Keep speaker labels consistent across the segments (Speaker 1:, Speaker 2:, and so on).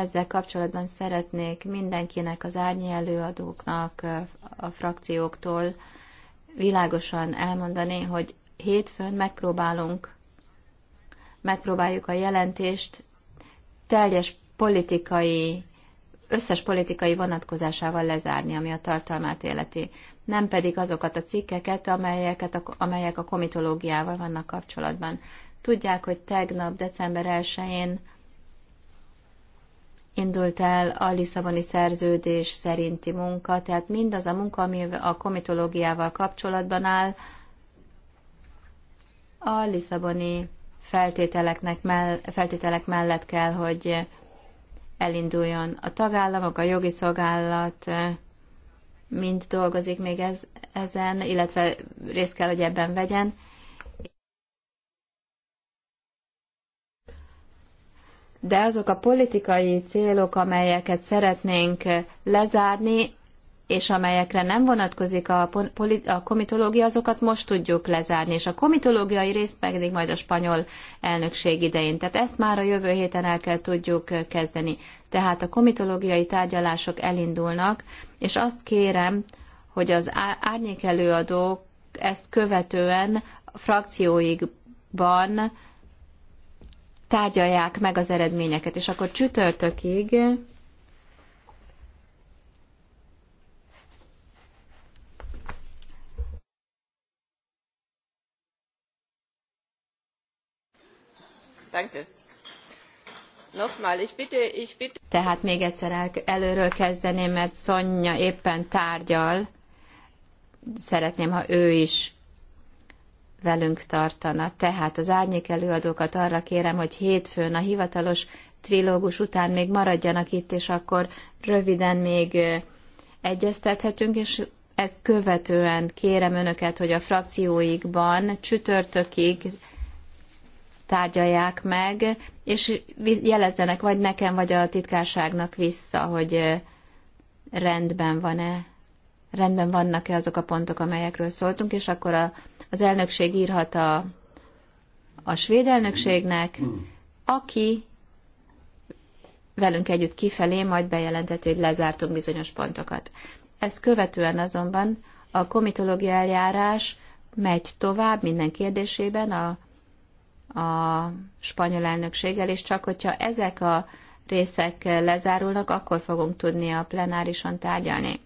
Speaker 1: Ezzel kapcsolatban szeretnék mindenkinek, az árnyi előadóknak, a frakcióktól világosan elmondani, hogy hétfőn megpróbálunk, megpróbáljuk a jelentést teljes politikai, összes politikai vonatkozásával lezárni, ami a tartalmát életi, nem pedig azokat a cikkeket, amelyeket a, amelyek a komitológiával vannak kapcsolatban. Tudják, hogy tegnap, december 1-én indult el a Lisszaboni szerződés szerinti munka, tehát mindaz a munka, ami a komitológiával kapcsolatban áll, a Lisszaboni feltételeknek mell- feltételek mellett kell, hogy elinduljon. A tagállamok, a jogi szolgálat mind dolgozik még ez, ezen, illetve részt kell, hogy ebben vegyen. de azok a politikai célok, amelyeket szeretnénk lezárni, és amelyekre nem vonatkozik a, a komitológia, azokat most tudjuk lezárni, és a komitológiai részt pedig majd a spanyol elnökség idején. Tehát ezt már a jövő héten el kell tudjuk kezdeni. Tehát a komitológiai tárgyalások elindulnak, és azt kérem, hogy az árnyékelőadók ezt követően frakcióikban tárgyalják meg az eredményeket, és akkor csütörtökig Danke. Nochmal, ich bitte, ich bitte. Tehát még egyszer el, előről kezdeném, mert Szonya éppen tárgyal. Szeretném, ha ő is velünk tartana. Tehát az árnyék előadókat arra kérem, hogy hétfőn a hivatalos trilógus után még maradjanak itt, és akkor röviden még egyeztethetünk, és ezt követően kérem önöket, hogy a frakcióikban csütörtökig tárgyalják meg, és jelezzenek vagy nekem, vagy a titkárságnak vissza, hogy rendben van-e, rendben vannak-e azok a pontok, amelyekről szóltunk, és akkor a az elnökség írhat a, a svéd elnökségnek, aki velünk együtt kifelé majd bejelentett, hogy lezártunk bizonyos pontokat. Ezt követően azonban a komitológia eljárás megy tovább minden kérdésében a, a spanyol elnökséggel, és csak hogyha ezek a részek lezárulnak, akkor fogunk tudni a plenárison tárgyalni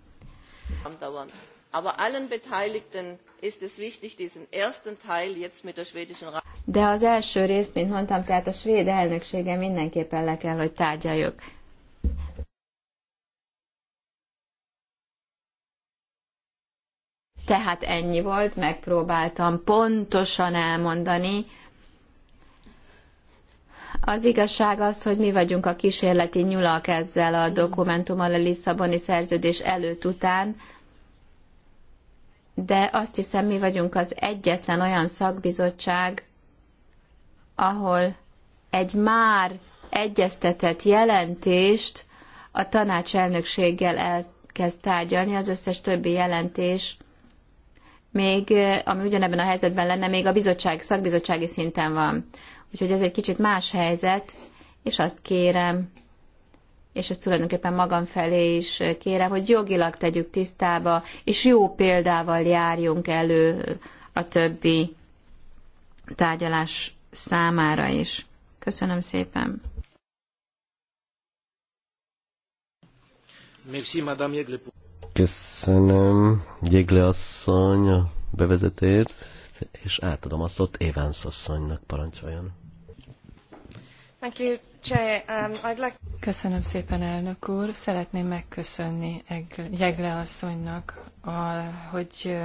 Speaker 2: aber allen beteiligten ist es wichtig diesen ersten teil jetzt mit der schwedischen
Speaker 1: de az első részt, mint mondtam, tehát a svéd elnöksége mindenképpen le kell, hogy tárgyaljuk. Tehát ennyi volt, megpróbáltam pontosan elmondani. Az igazság az, hogy mi vagyunk a kísérleti nyulak ezzel a dokumentummal a Lisszaboni szerződés előtt után, de azt hiszem mi vagyunk az egyetlen olyan szakbizottság, ahol egy már egyeztetett jelentést a tanács elnökséggel elkezd tárgyalni, az összes többi jelentés még, ami ugyanebben a helyzetben lenne, még a bizottság, szakbizottsági szinten van. Úgyhogy ez egy kicsit más helyzet, és azt kérem, és ezt tulajdonképpen magam felé is kérem, hogy jogilag tegyük tisztába, és jó példával járjunk elő a többi tárgyalás számára is. Köszönöm szépen.
Speaker 3: Merci, Jegle. Köszönöm, Jégle asszony, a bevezetért, és átadom a szót Évánsz asszonynak, parancsoljon.
Speaker 2: Thank you. Um, Köszönöm szépen, elnök úr. Szeretném megköszönni Jegle asszonynak, a, hogy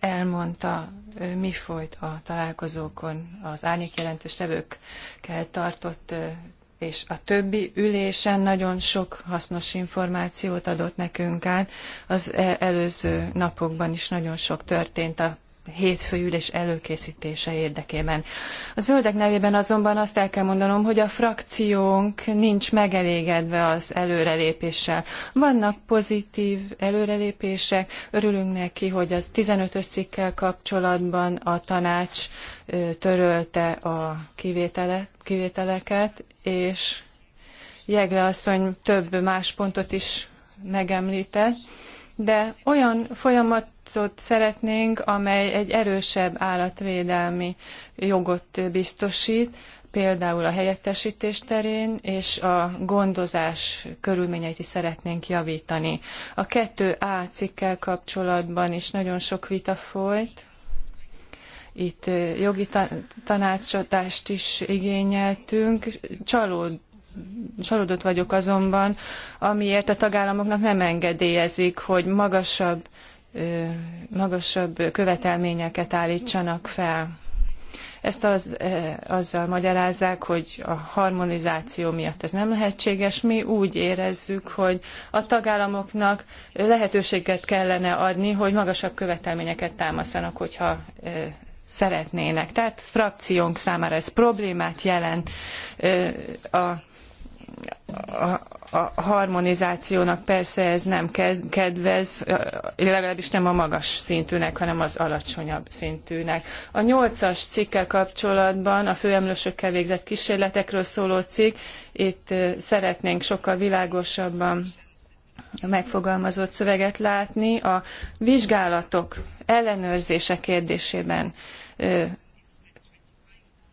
Speaker 2: elmondta, mi folyt a találkozókon az árnyék jelentős tartott és a többi ülésen nagyon sok hasznos információt adott nekünk át. Az e-, előző napokban is nagyon sok történt a hétfői ülés előkészítése érdekében. A zöldek nevében azonban azt el kell mondanom, hogy a frakciónk nincs megelégedve az előrelépéssel. Vannak pozitív előrelépések, örülünk neki, hogy az 15-ös cikkel kapcsolatban a tanács törölte a kivétele, kivételeket, és Jegle asszony több más pontot is megemlített, de olyan folyamat jogszót szeretnénk, amely egy erősebb állatvédelmi jogot biztosít, például a helyettesítés terén, és a gondozás körülményeit is szeretnénk javítani. A 2A cikkel kapcsolatban is nagyon sok vita folyt, itt jogi tanácsadást is igényeltünk. Csalód, csalódott vagyok azonban, amiért a tagállamoknak nem engedélyezik, hogy magasabb magasabb követelményeket állítsanak fel. Ezt az, azzal magyarázzák, hogy a harmonizáció miatt ez nem lehetséges. Mi úgy érezzük, hogy a tagállamoknak lehetőséget kellene adni, hogy magasabb követelményeket támaszanak, hogyha szeretnének. Tehát frakciónk számára ez problémát jelent. A a harmonizációnak persze ez nem kedvez, legalábbis nem a magas szintűnek, hanem az alacsonyabb szintűnek. A nyolcas cikkel kapcsolatban a főemlősökkel végzett kísérletekről szóló cikk, itt szeretnénk sokkal világosabban megfogalmazott szöveget látni. A vizsgálatok ellenőrzése kérdésében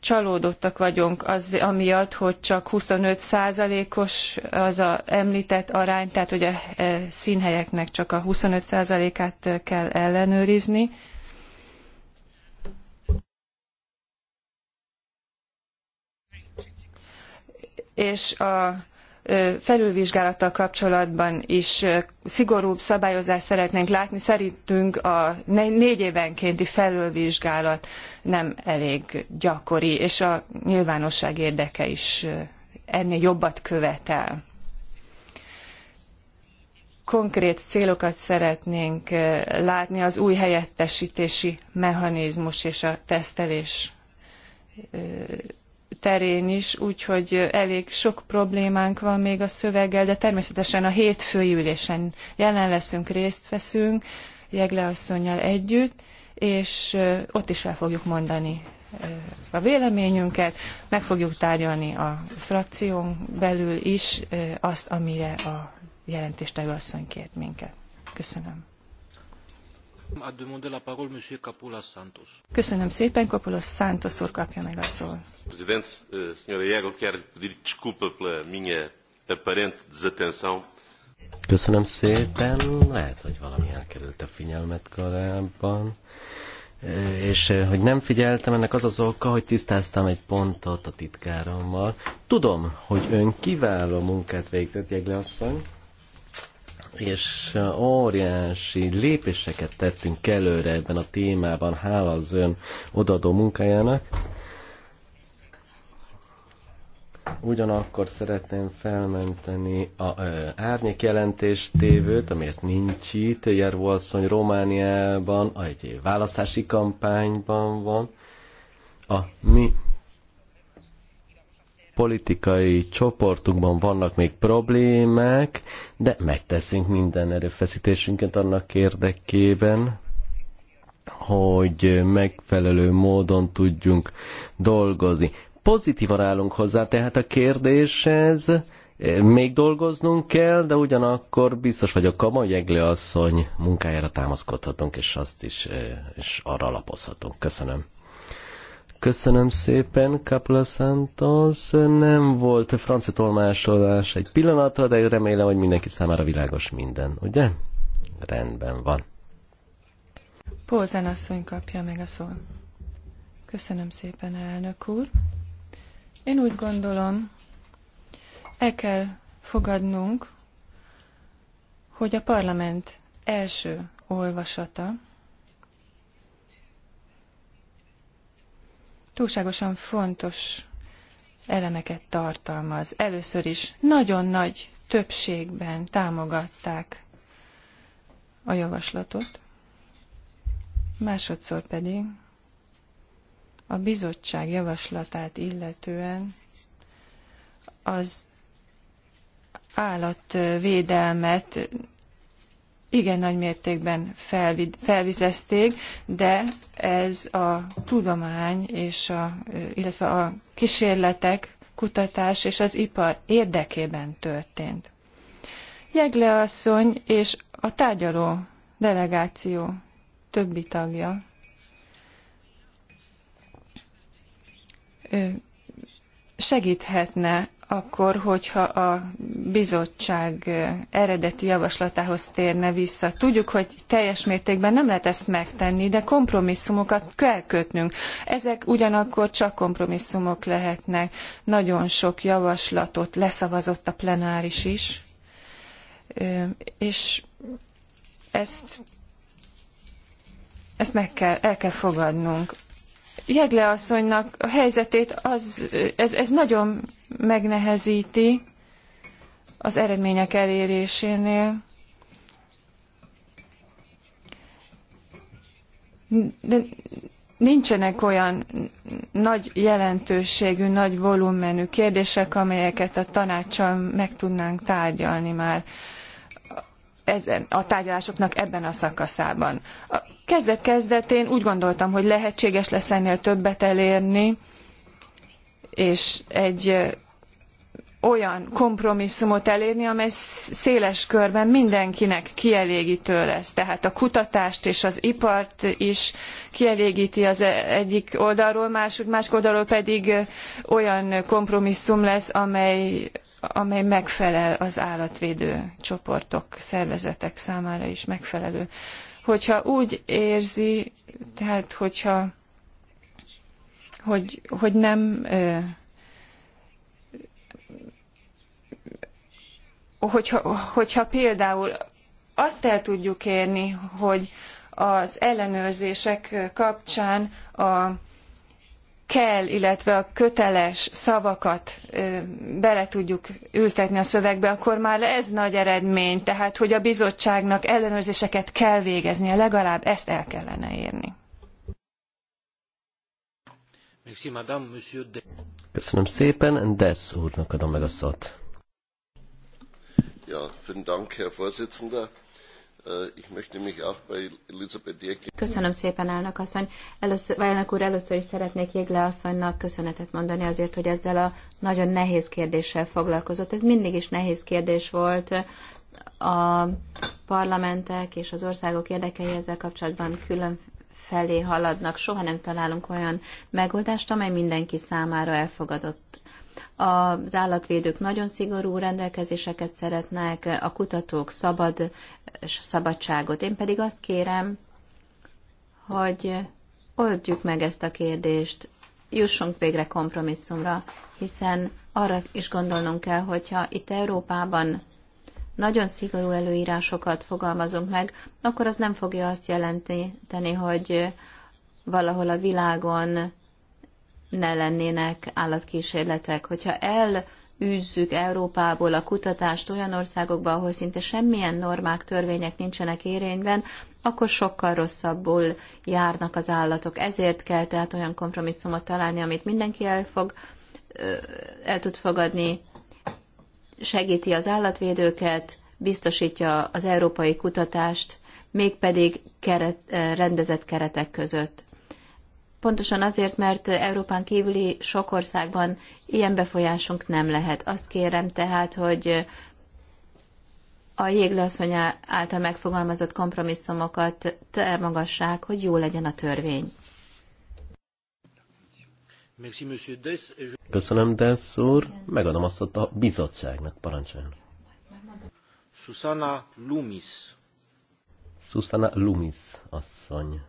Speaker 2: csalódottak vagyunk az, amiatt, hogy csak 25%-os az a említett arány, tehát hogy a e, színhelyeknek csak a 25%-át kell ellenőrizni. És a felülvizsgálattal kapcsolatban is szigorúbb szabályozást szeretnénk látni. Szerintünk a négy évenkénti felülvizsgálat nem elég gyakori, és a nyilvánosság érdeke is ennél jobbat követel. Konkrét célokat szeretnénk látni az új helyettesítési mechanizmus és a tesztelés terén is, úgyhogy elég sok problémánk van még a szöveggel, de természetesen a hétfői ülésen jelen leszünk, részt veszünk Jegle asszonynal együtt, és ott is el fogjuk mondani a véleményünket, meg fogjuk tárgyalni a frakción belül is azt, amire a jelentéstevő asszony kért minket. Köszönöm. Köszönöm szépen, kapula Santos úr kapja meg a szót.
Speaker 3: Presidente, eh, senhora Jägel, quero pedir desculpa pela minha aparente desatenção. Köszönöm szépen. Lehet, hogy valami elkerült a figyelmet korábban. Eh, és eh, hogy nem figyeltem, ennek az az oka, hogy tisztáztam egy pontot a titkárommal. Tudom, hogy ön kiváló munkát végzett, Jegle asszony és óriási lépéseket tettünk előre ebben a témában, hála az ön odadó munkájának. Ugyanakkor szeretném felmenteni a ö, árnyék jelentéstévőt, amiért nincs itt. Jervo asszony Romániában egy választási kampányban van. A mi politikai csoportunkban vannak még problémák, de megteszünk minden erőfeszítésünket annak érdekében, hogy megfelelő módon tudjunk dolgozni. Pozitívan állunk hozzá, tehát a kérdéshez még dolgoznunk kell, de ugyanakkor biztos vagyok, a Majegle asszony munkájára támaszkodhatunk, és azt is, és arra alapozhatunk. Köszönöm. Köszönöm szépen, Kapla Santos. Nem volt a francia tolmásolás egy pillanatra, de remélem, hogy mindenki számára világos minden, ugye? Rendben van.
Speaker 2: Pózen asszony kapja meg a szót. Köszönöm szépen, elnök úr. Én úgy gondolom, el kell fogadnunk, hogy a parlament első olvasata túlságosan fontos elemeket tartalmaz. Először is nagyon nagy többségben támogatták a javaslatot, másodszor pedig a bizottság javaslatát illetően az állatvédelmet igen nagy mértékben felvid, felvizezték, de ez a tudomány, és a, illetve a kísérletek, kutatás és az ipar érdekében történt. Jegle asszony és a tárgyaló delegáció többi tagja segíthetne akkor, hogyha a bizottság eredeti javaslatához térne vissza. Tudjuk, hogy teljes mértékben nem lehet ezt megtenni, de kompromisszumokat kell kötnünk. Ezek ugyanakkor csak kompromisszumok lehetnek. Nagyon sok javaslatot leszavazott a plenáris is, és ezt, ezt meg kell, el kell fogadnunk. Jegle asszonynak a helyzetét az, ez, ez nagyon megnehezíti az eredmények elérésénél. De nincsenek olyan nagy jelentőségű, nagy volumenű kérdések, amelyeket a tanácssal meg tudnánk tárgyalni már ezen, a tárgyalásoknak ebben a szakaszában. A kezdet-kezdetén úgy gondoltam, hogy lehetséges lesz ennél többet elérni, és egy olyan kompromisszumot elérni, amely széles körben mindenkinek kielégítő lesz. Tehát a kutatást és az ipart is kielégíti az e- egyik oldalról, másik, másik oldalról pedig olyan kompromisszum lesz, amely amely megfelel az állatvédő csoportok, szervezetek számára is megfelelő. Hogyha úgy érzi, tehát hogyha hogy, hogy nem hogyha, hogyha például azt el tudjuk érni, hogy az ellenőrzések kapcsán a kell, illetve a köteles szavakat bele tudjuk ültetni a szövegbe, akkor már ez nagy eredmény, tehát hogy a bizottságnak ellenőrzéseket kell végeznie, legalább ezt el kellene érni.
Speaker 3: Köszönöm szépen, Dess úrnak adom meg a szót.
Speaker 2: Ja, vielen Dank, Herr Vorsitzender. Köszönöm
Speaker 1: szépen, elnök asszony. Először, elnök úr, először is szeretnék Jégle asszonynak köszönetet mondani azért, hogy ezzel a nagyon nehéz kérdéssel foglalkozott. Ez mindig is nehéz kérdés volt a parlamentek és az országok érdekei ezzel kapcsolatban külön felé haladnak. Soha nem találunk olyan megoldást, amely mindenki számára elfogadott az állatvédők nagyon szigorú rendelkezéseket szeretnek, a kutatók szabad, és szabadságot. Én pedig azt kérem, hogy oldjuk meg ezt a kérdést, jussunk végre kompromisszumra, hiszen arra is gondolnunk kell, hogyha itt Európában nagyon szigorú előírásokat fogalmazunk meg, akkor az nem fogja azt jelenteni, hogy valahol a világon ne lennének állatkísérletek. Hogyha elűzzük Európából a kutatást olyan országokba, ahol szinte semmilyen normák, törvények nincsenek érényben, akkor sokkal rosszabbul járnak az állatok. Ezért kell tehát olyan kompromisszumot találni, amit mindenki el fog, el tud fogadni, segíti az állatvédőket, biztosítja az európai kutatást, mégpedig keret, rendezett keretek között. Pontosan azért, mert Európán kívüli sok országban ilyen befolyásunk nem lehet. Azt kérem tehát, hogy a jégleasszony által megfogalmazott kompromisszumokat támogassák, hogy jó legyen a törvény.
Speaker 3: Köszönöm, Dess úr. Megadom azt a bizottságnak, parancsoljon.
Speaker 1: Susana
Speaker 3: Lumis. Susana Lumis
Speaker 2: asszony.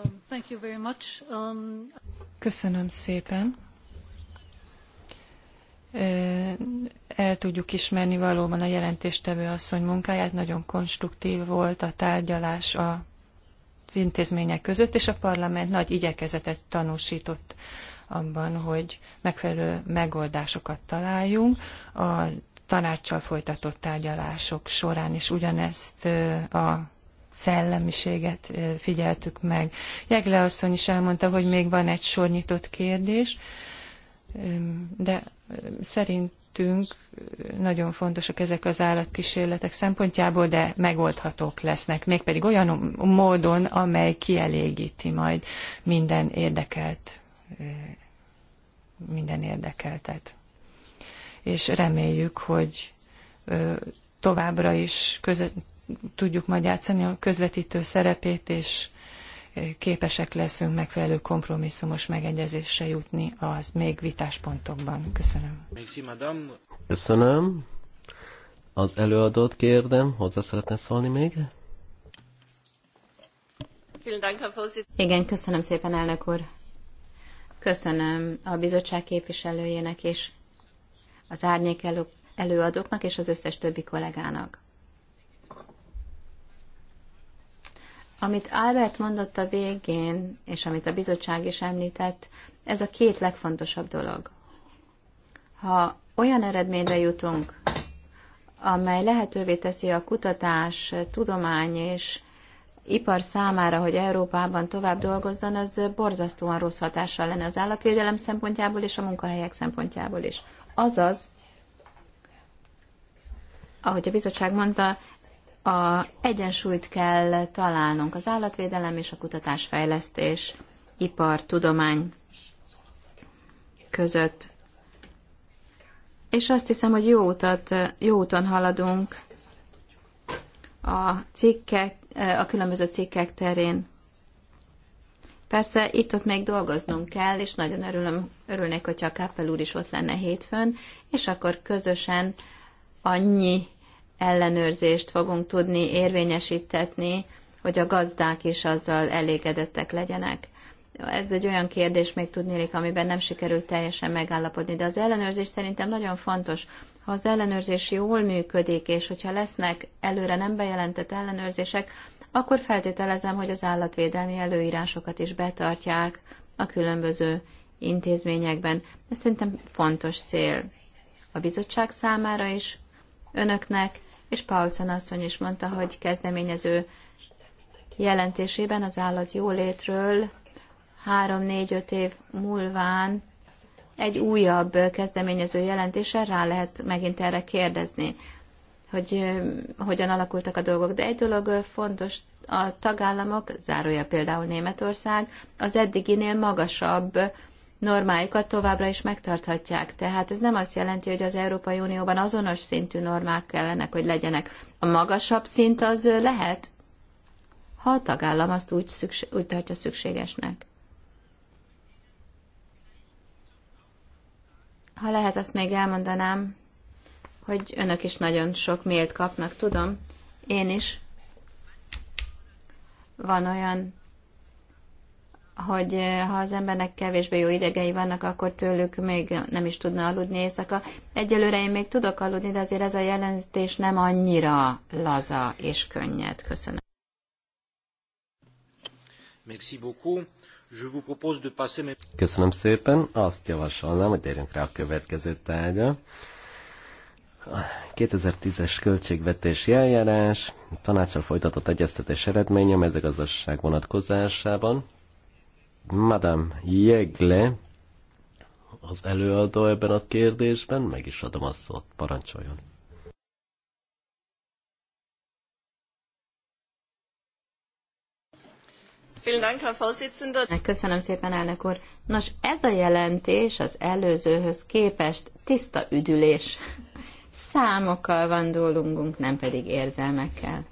Speaker 2: Um, um, Köszönöm szépen. El tudjuk ismerni valóban a jelentéstevő asszony munkáját, nagyon konstruktív volt a tárgyalás a az intézmények között, és a parlament nagy igyekezetet tanúsított abban, hogy megfelelő megoldásokat találjunk. A tanácssal folytatott tárgyalások során is ugyanezt a szellemiséget figyeltük meg. Jegle asszony is elmondta, hogy még van egy sor nyitott kérdés, de szerintünk nagyon fontosak ezek az állatkísérletek szempontjából, de megoldhatók lesznek, mégpedig olyan módon, amely kielégíti majd minden érdekelt minden érdekeltet. És reméljük, hogy továbbra is között, tudjuk majd játszani a közvetítő szerepét, és e, képesek leszünk megfelelő kompromisszumos megegyezésre jutni az még vitáspontokban. Köszönöm.
Speaker 3: Köszönöm. Az előadót kérdem, hozzá
Speaker 1: szeretne szólni még? Igen, köszönöm szépen, elnök úr. Köszönöm a bizottság képviselőjének és az árnyék előadóknak és az összes többi kollégának. Amit Albert mondott a végén, és amit a bizottság is említett, ez a két legfontosabb dolog. Ha olyan eredményre jutunk, amely lehetővé teszi a kutatás, tudomány és ipar számára, hogy Európában tovább dolgozzon, az borzasztóan rossz hatással lenne az állatvédelem szempontjából és a munkahelyek szempontjából is. Azaz, ahogy a bizottság mondta, a egyensúlyt kell találnunk az állatvédelem és a kutatásfejlesztés, ipar, tudomány között. És azt hiszem, hogy jó, utat, jó úton haladunk a cikkek, a különböző cikkek terén. Persze itt-ott még dolgoznunk kell, és nagyon örülöm, örülnék, hogyha a Kappel úr is ott lenne hétfőn, és akkor közösen annyi ellenőrzést fogunk tudni érvényesítetni, hogy a gazdák is azzal elégedettek legyenek. Ez egy olyan kérdés még tudnélik, amiben nem sikerült teljesen megállapodni, de az ellenőrzés szerintem nagyon fontos. Ha az ellenőrzés jól működik, és hogyha lesznek előre nem bejelentett ellenőrzések, akkor feltételezem, hogy az állatvédelmi előírásokat is betartják a különböző intézményekben. Ez szerintem fontos cél a bizottság számára is, önöknek, és Paulson asszony is mondta, hogy kezdeményező jelentésében az állat jólétről három-négy-öt év múlván egy újabb kezdeményező jelentéssel rá lehet megint erre kérdezni, hogy hogyan alakultak a dolgok. De egy dolog fontos, a tagállamok, zárója például Németország, az eddiginél magasabb normáikat továbbra is megtarthatják. Tehát ez nem azt jelenti, hogy az Európai Unióban azonos szintű normák kellenek, hogy legyenek. A magasabb szint az lehet, ha a tagállam azt úgy, szükség, úgy tartja szükségesnek. Ha lehet, azt még elmondanám, hogy önök is nagyon sok mélt kapnak, tudom. Én is. Van olyan hogy eh, ha az embernek kevésbé jó idegei vannak, akkor tőlük még nem is tudna aludni éjszaka. Egyelőre én még tudok aludni, de azért ez a jelentés nem annyira laza és könnyed. Köszönöm. Merci beaucoup.
Speaker 3: Je vous propose de passer... Köszönöm szépen. Azt javasolnám, hogy térjünk rá a következő tárgya. 2010-es költségvetési eljárás, tanácsal folytatott egyeztetés eredménye a mezőgazdaság vonatkozásában Madame Jegle az előadó ebben a kérdésben, meg is adom a szót, parancsoljon.
Speaker 1: Köszönöm szépen, elnök úr. Nos, ez a jelentés az előzőhöz képest tiszta üdülés. Számokkal van dolgunk, nem pedig érzelmekkel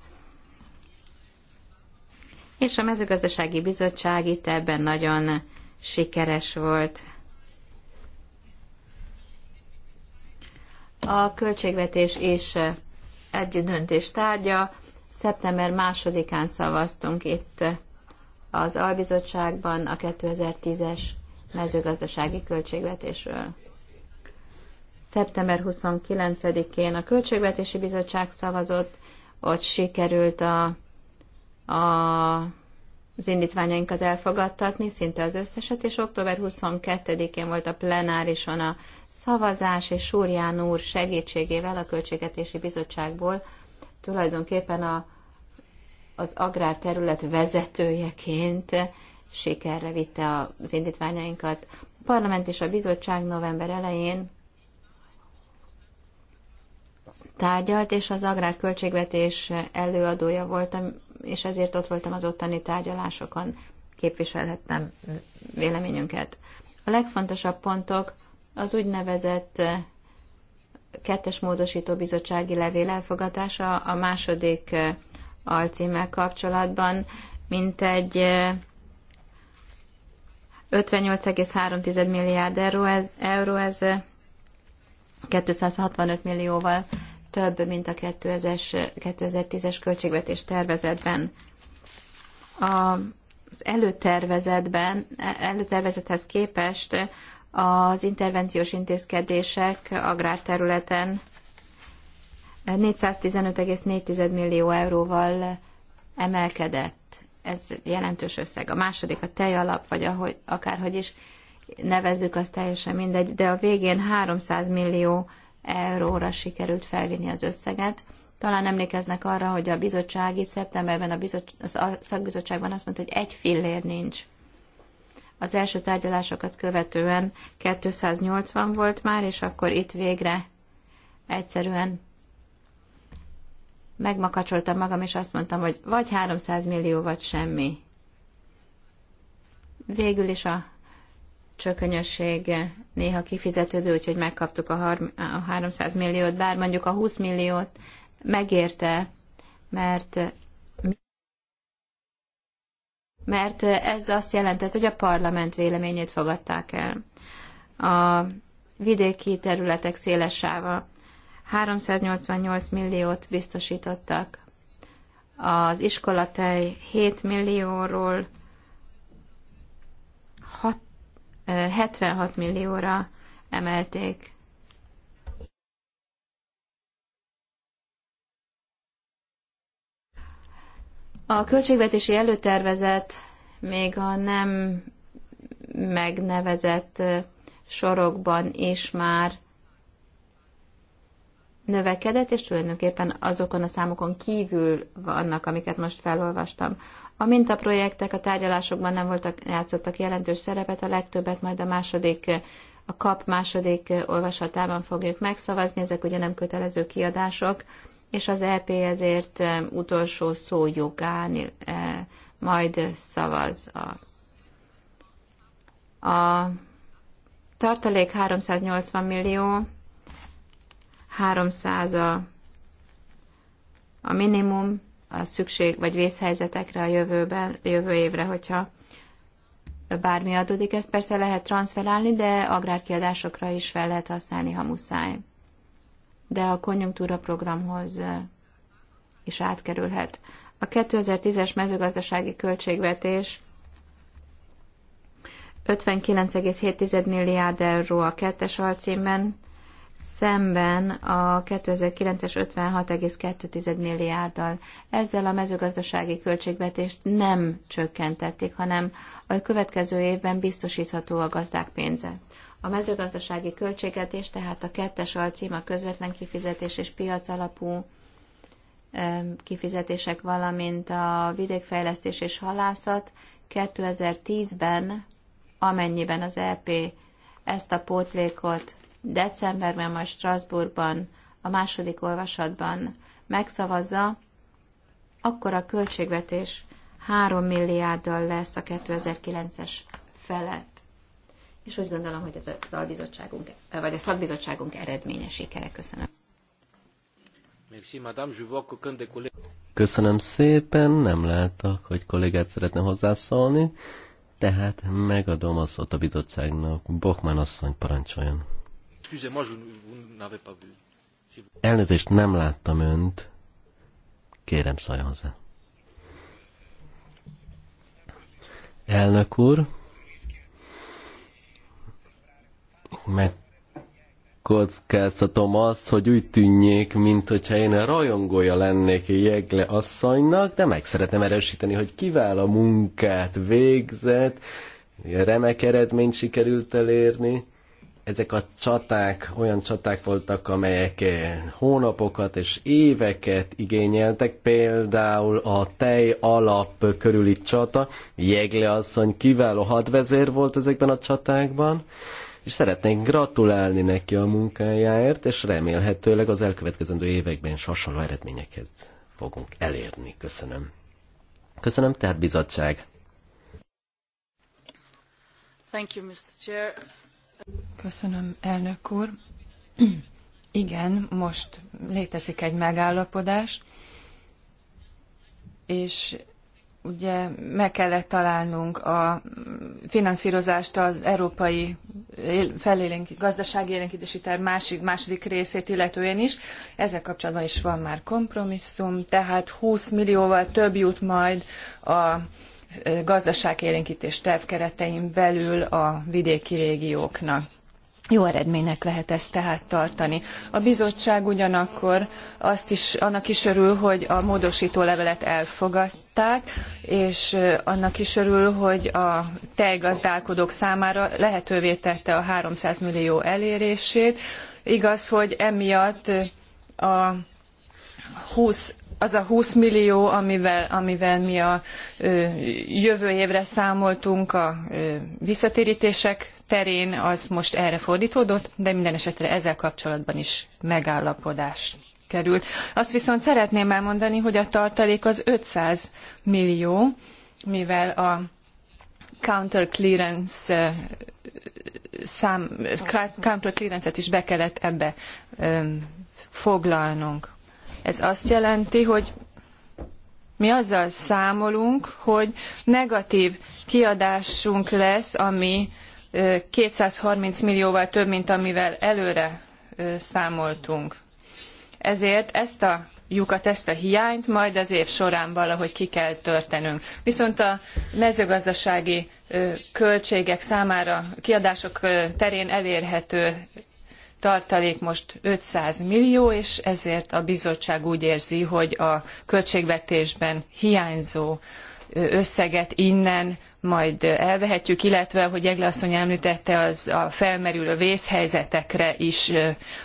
Speaker 1: és a mezőgazdasági bizottság itt ebben nagyon sikeres volt. A költségvetés és együttdöntés tárgya. Szeptember másodikán szavaztunk itt az albizottságban a 2010-es mezőgazdasági költségvetésről. Szeptember 29-én a Költségvetési Bizottság szavazott, ott sikerült a a, az indítványainkat elfogadtatni, szinte az összeset, és október 22-én volt a plenárison a szavazás, és Súrján úr segítségével a Költségetési Bizottságból tulajdonképpen a, az agrárterület vezetőjeként sikerre vitte az indítványainkat. A parlament és a bizottság november elején tárgyalt, és az agrárköltségvetés előadója voltam, és ezért ott voltam az ottani tárgyalásokon, képviselhettem véleményünket. A legfontosabb pontok az úgynevezett eh, kettes módosító bizottsági levél elfogadása a második eh, alcímmel kapcsolatban, mint egy 58,3 eh, milliárd euró, ez, euró, ez 265 millióval több, mint a 2010-es költségvetés tervezetben. Az előtervezetben, előtervezethez képest az intervenciós intézkedések agrárterületen 415,4 millió euróval emelkedett. Ez jelentős összeg. A második a tejalap, vagy ahogy, akárhogy is nevezzük, az teljesen mindegy, de a végén 300 millió euróra sikerült felvinni az összeget. Talán emlékeznek arra, hogy a bizottság itt szeptemberben a, bizot, a szakbizottságban azt mondta, hogy egy fillér nincs. Az első tárgyalásokat követően 280 volt már, és akkor itt végre egyszerűen megmakacsoltam magam, és azt mondtam, hogy vagy 300 millió, vagy semmi. Végül is a csökönyössége néha kifizetődő, úgyhogy megkaptuk a, a 300 milliót, bár mondjuk a 20 milliót megérte, mert mert ez azt jelentett, hogy a parlament véleményét fogadták el. A vidéki területek sáva 388 milliót biztosítottak. Az iskolatej 7 millióról 6 76 millióra emelték. A költségvetési előtervezet még a nem megnevezett sorokban is már növekedett, és tulajdonképpen azokon a számokon kívül vannak, amiket most felolvastam. A mintaprojektek a tárgyalásokban nem voltak, játszottak jelentős szerepet, a legtöbbet majd a második a kap második olvasatában fogjuk megszavazni, ezek ugye nem kötelező kiadások, és az EP ezért e, utolsó szó jogán e, majd szavaz a, a tartalék 380 millió, 300 a, a minimum, a szükség vagy vészhelyzetekre a jövőben, jövő évre, hogyha bármi adódik. Ezt persze lehet transferálni, de agrárkiadásokra is fel lehet használni, ha muszáj. De a konjunktúra programhoz is átkerülhet. A 2010-es mezőgazdasági költségvetés 59,7 milliárd euró a kettes alcímben, szemben a 2009-es 56,2 milliárddal. Ezzel a mezőgazdasági költségvetést nem csökkentették, hanem a következő évben biztosítható a gazdák pénze. A mezőgazdasági költségvetés, tehát a kettes alcím a közvetlen kifizetés és piac alapú kifizetések, valamint a vidékfejlesztés és halászat 2010-ben, amennyiben az EP ezt a pótlékot decemberben, majd Strasbourgban, a második olvasatban megszavazza, akkor a költségvetés 3 milliárddal lesz a 2009-es felett. És úgy gondolom, hogy ez a bizottságunk, vagy a szakbizottságunk eredménye sikere. Köszönöm.
Speaker 3: Köszönöm szépen, nem látok, hogy kollégát szeretne hozzászólni, tehát megadom a szót a bizottságnak. Bokman asszony parancsoljon. Elnézést, nem láttam önt. Kérem, szóljon hozzá. Elnök úr, megkockáztatom azt, hogy úgy tűnjék, mint hogyha én a rajongója lennék Jegle asszonynak, de meg szeretem erősíteni, hogy kivál a munkát végzett, remek eredményt sikerült elérni ezek a csaták olyan csaták voltak, amelyek hónapokat és éveket igényeltek, például a tej alap körüli csata, Jegle asszony kiváló hadvezér volt ezekben a csatákban, és szeretnénk gratulálni neki a munkájáért, és remélhetőleg az elkövetkezendő években is hasonló eredményeket fogunk
Speaker 2: elérni. Köszönöm.
Speaker 3: Köszönöm, tehát bizottság.
Speaker 2: Thank you, Mr. Chair. Köszönöm, elnök úr. Igen, most létezik egy megállapodás, és ugye meg kellett találnunk a finanszírozást az európai gazdasági élénkítési terv másik, második részét illetően is. Ezzel kapcsolatban is van már kompromisszum, tehát 20 millióval több jut majd a gazdaságélénkítés terv keretein belül a vidéki régióknak. Jó eredménynek lehet ezt tehát tartani. A bizottság ugyanakkor azt is, annak is örül, hogy a módosító levelet elfogadták, és annak is örül, hogy a tejgazdálkodók számára lehetővé tette a 300 millió elérését. Igaz, hogy emiatt a 20 az a 20 millió, amivel, amivel mi a jövő évre számoltunk a visszatérítések terén, az most erre fordítódott, de minden esetre ezzel kapcsolatban is megállapodás került. Azt viszont szeretném elmondani, hogy a tartalék az 500 millió, mivel a counter clearance szám, counter clearance-et is be kellett ebbe foglalnunk. Ez azt jelenti, hogy mi azzal számolunk, hogy negatív kiadásunk lesz, ami 230 millióval több, mint amivel előre számoltunk. Ezért ezt a lyukat, ezt a hiányt majd az év során valahogy ki kell törtenünk. Viszont a mezőgazdasági költségek számára, kiadások terén elérhető tartalék most 500 millió, és ezért a bizottság úgy érzi, hogy a költségvetésben hiányzó összeget innen majd elvehetjük, illetve, hogy Egle asszony említette, az a felmerülő vészhelyzetekre is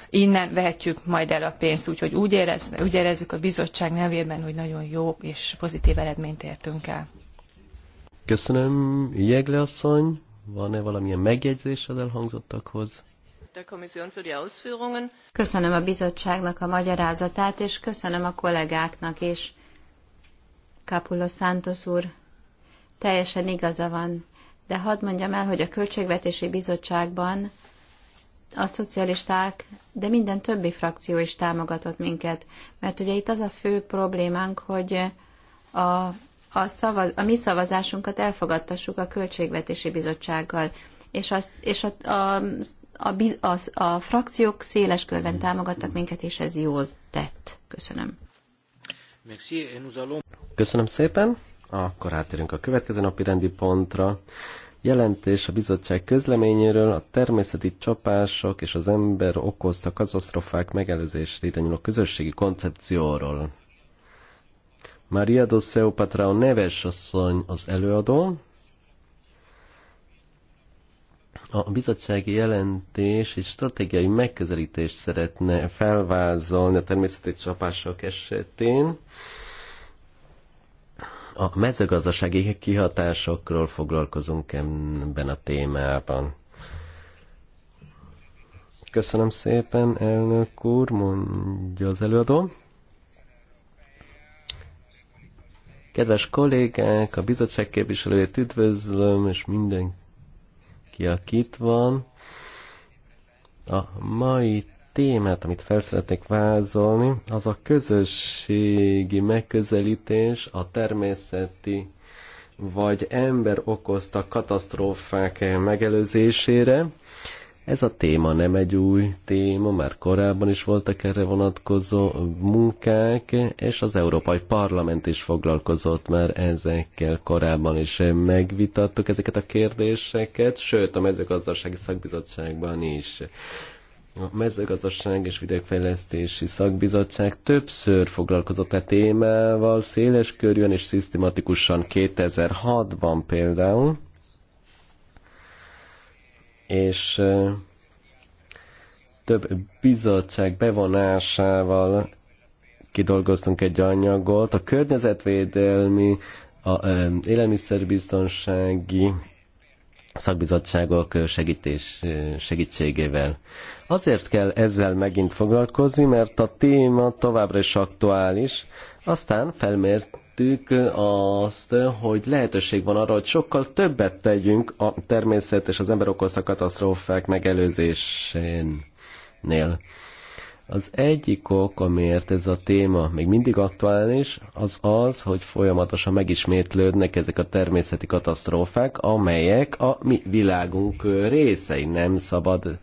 Speaker 2: innen vehetjük majd el a pénzt, úgyhogy úgy, érez, úgy érezzük a bizottság nevében, hogy nagyon jó és pozitív eredményt értünk el.
Speaker 3: Köszönöm, Jegle asszony. Van-e valamilyen megjegyzés az elhangzottakhoz?
Speaker 1: Köszönöm a bizottságnak a magyarázatát, és köszönöm a kollégáknak is. Capulo Santos úr, teljesen igaza van, de hadd mondjam el, hogy a Költségvetési Bizottságban a szocialisták, de minden többi frakció is támogatott minket, mert ugye itt az a fő problémánk, hogy a, a, szavaz, a mi szavazásunkat elfogadtassuk a Költségvetési Bizottsággal, és, azt, és a, a a, biz, a frakciók széles körben támogattak minket, és ez jól tett. Köszönöm.
Speaker 3: Köszönöm szépen. Akkor átérünk a következő napi rendi pontra. Jelentés a bizottság közleményéről a természeti csapások és az ember okozta katasztrofák megelőzésre irányuló közösségi koncepcióról. Maria do Seu Patrão Neves asszony az előadó, a bizottsági jelentés egy stratégiai megközelítést szeretne felvázolni a természeti csapások esetén. A mezőgazdasági kihatásokról foglalkozunk ebben a témában. Köszönöm szépen, elnök úr, mondja az előadó. Kedves kollégák, a bizottság képviselőjét üdvözlöm, és minden mindenki, aki itt van. A mai témát, amit felszeretnék vázolni, az a közösségi megközelítés a természeti vagy ember okozta katasztrófák megelőzésére. Ez a téma nem egy új téma, már korábban is voltak erre vonatkozó munkák, és az Európai Parlament is foglalkozott már ezekkel korábban is. Megvitattuk ezeket a kérdéseket, sőt a mezőgazdasági szakbizottságban is. A mezőgazdaság és vidékfejlesztési szakbizottság többször foglalkozott a e témával széles körűen és szisztematikusan 2006-ban például, és több bizottság bevonásával kidolgoztunk egy anyagot. A környezetvédelmi, a élelmiszerbiztonsági szakbizottságok segítés, segítségével. Azért kell ezzel megint foglalkozni, mert a téma továbbra is aktuális. Aztán felmért említettük azt, hogy lehetőség van arra, hogy sokkal többet tegyünk a természet és az ember okozta katasztrófák megelőzésénél. Az egyik ok, amiért ez a téma még mindig aktuális, az az, hogy folyamatosan megismétlődnek ezek a természeti katasztrófák, amelyek a mi világunk részei. Nem szabad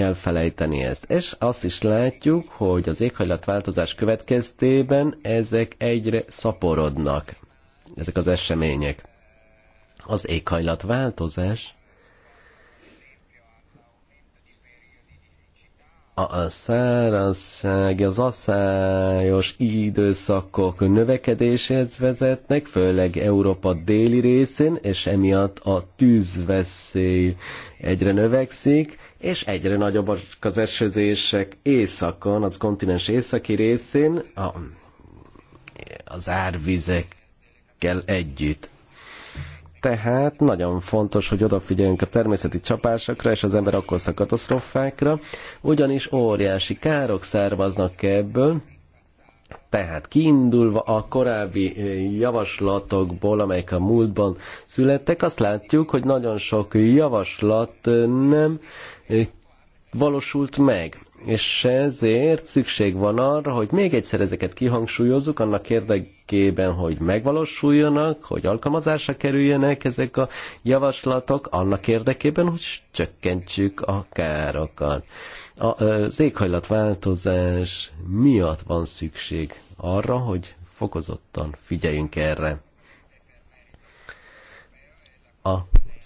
Speaker 3: elfelejteni ezt. És azt is látjuk, hogy az éghajlatváltozás következtében ezek egyre szaporodnak, ezek az események. Az éghajlatváltozás a szárazság, az asszályos időszakok növekedéséhez vezetnek, főleg Európa déli részén, és emiatt a tűzveszély egyre növekszik, és egyre nagyobb az esőzések északon, az kontinens északi részén, a, az árvizekkel együtt. Tehát nagyon fontos, hogy odafigyeljünk a természeti csapásokra és az ember okozta katasztrofákra, ugyanis óriási károk származnak ebből, tehát kiindulva a korábbi eh, javaslatokból, amelyek a múltban születtek, azt látjuk, hogy nagyon sok javaslat eh, nem valósult meg. És ezért szükség van arra, hogy még egyszer ezeket kihangsúlyozzuk, annak érdekében, hogy megvalósuljanak, hogy alkalmazásra kerüljenek ezek a javaslatok, annak érdekében, hogy csökkentsük a károkat. Az éghajlatváltozás miatt van szükség arra, hogy fokozottan figyeljünk erre. A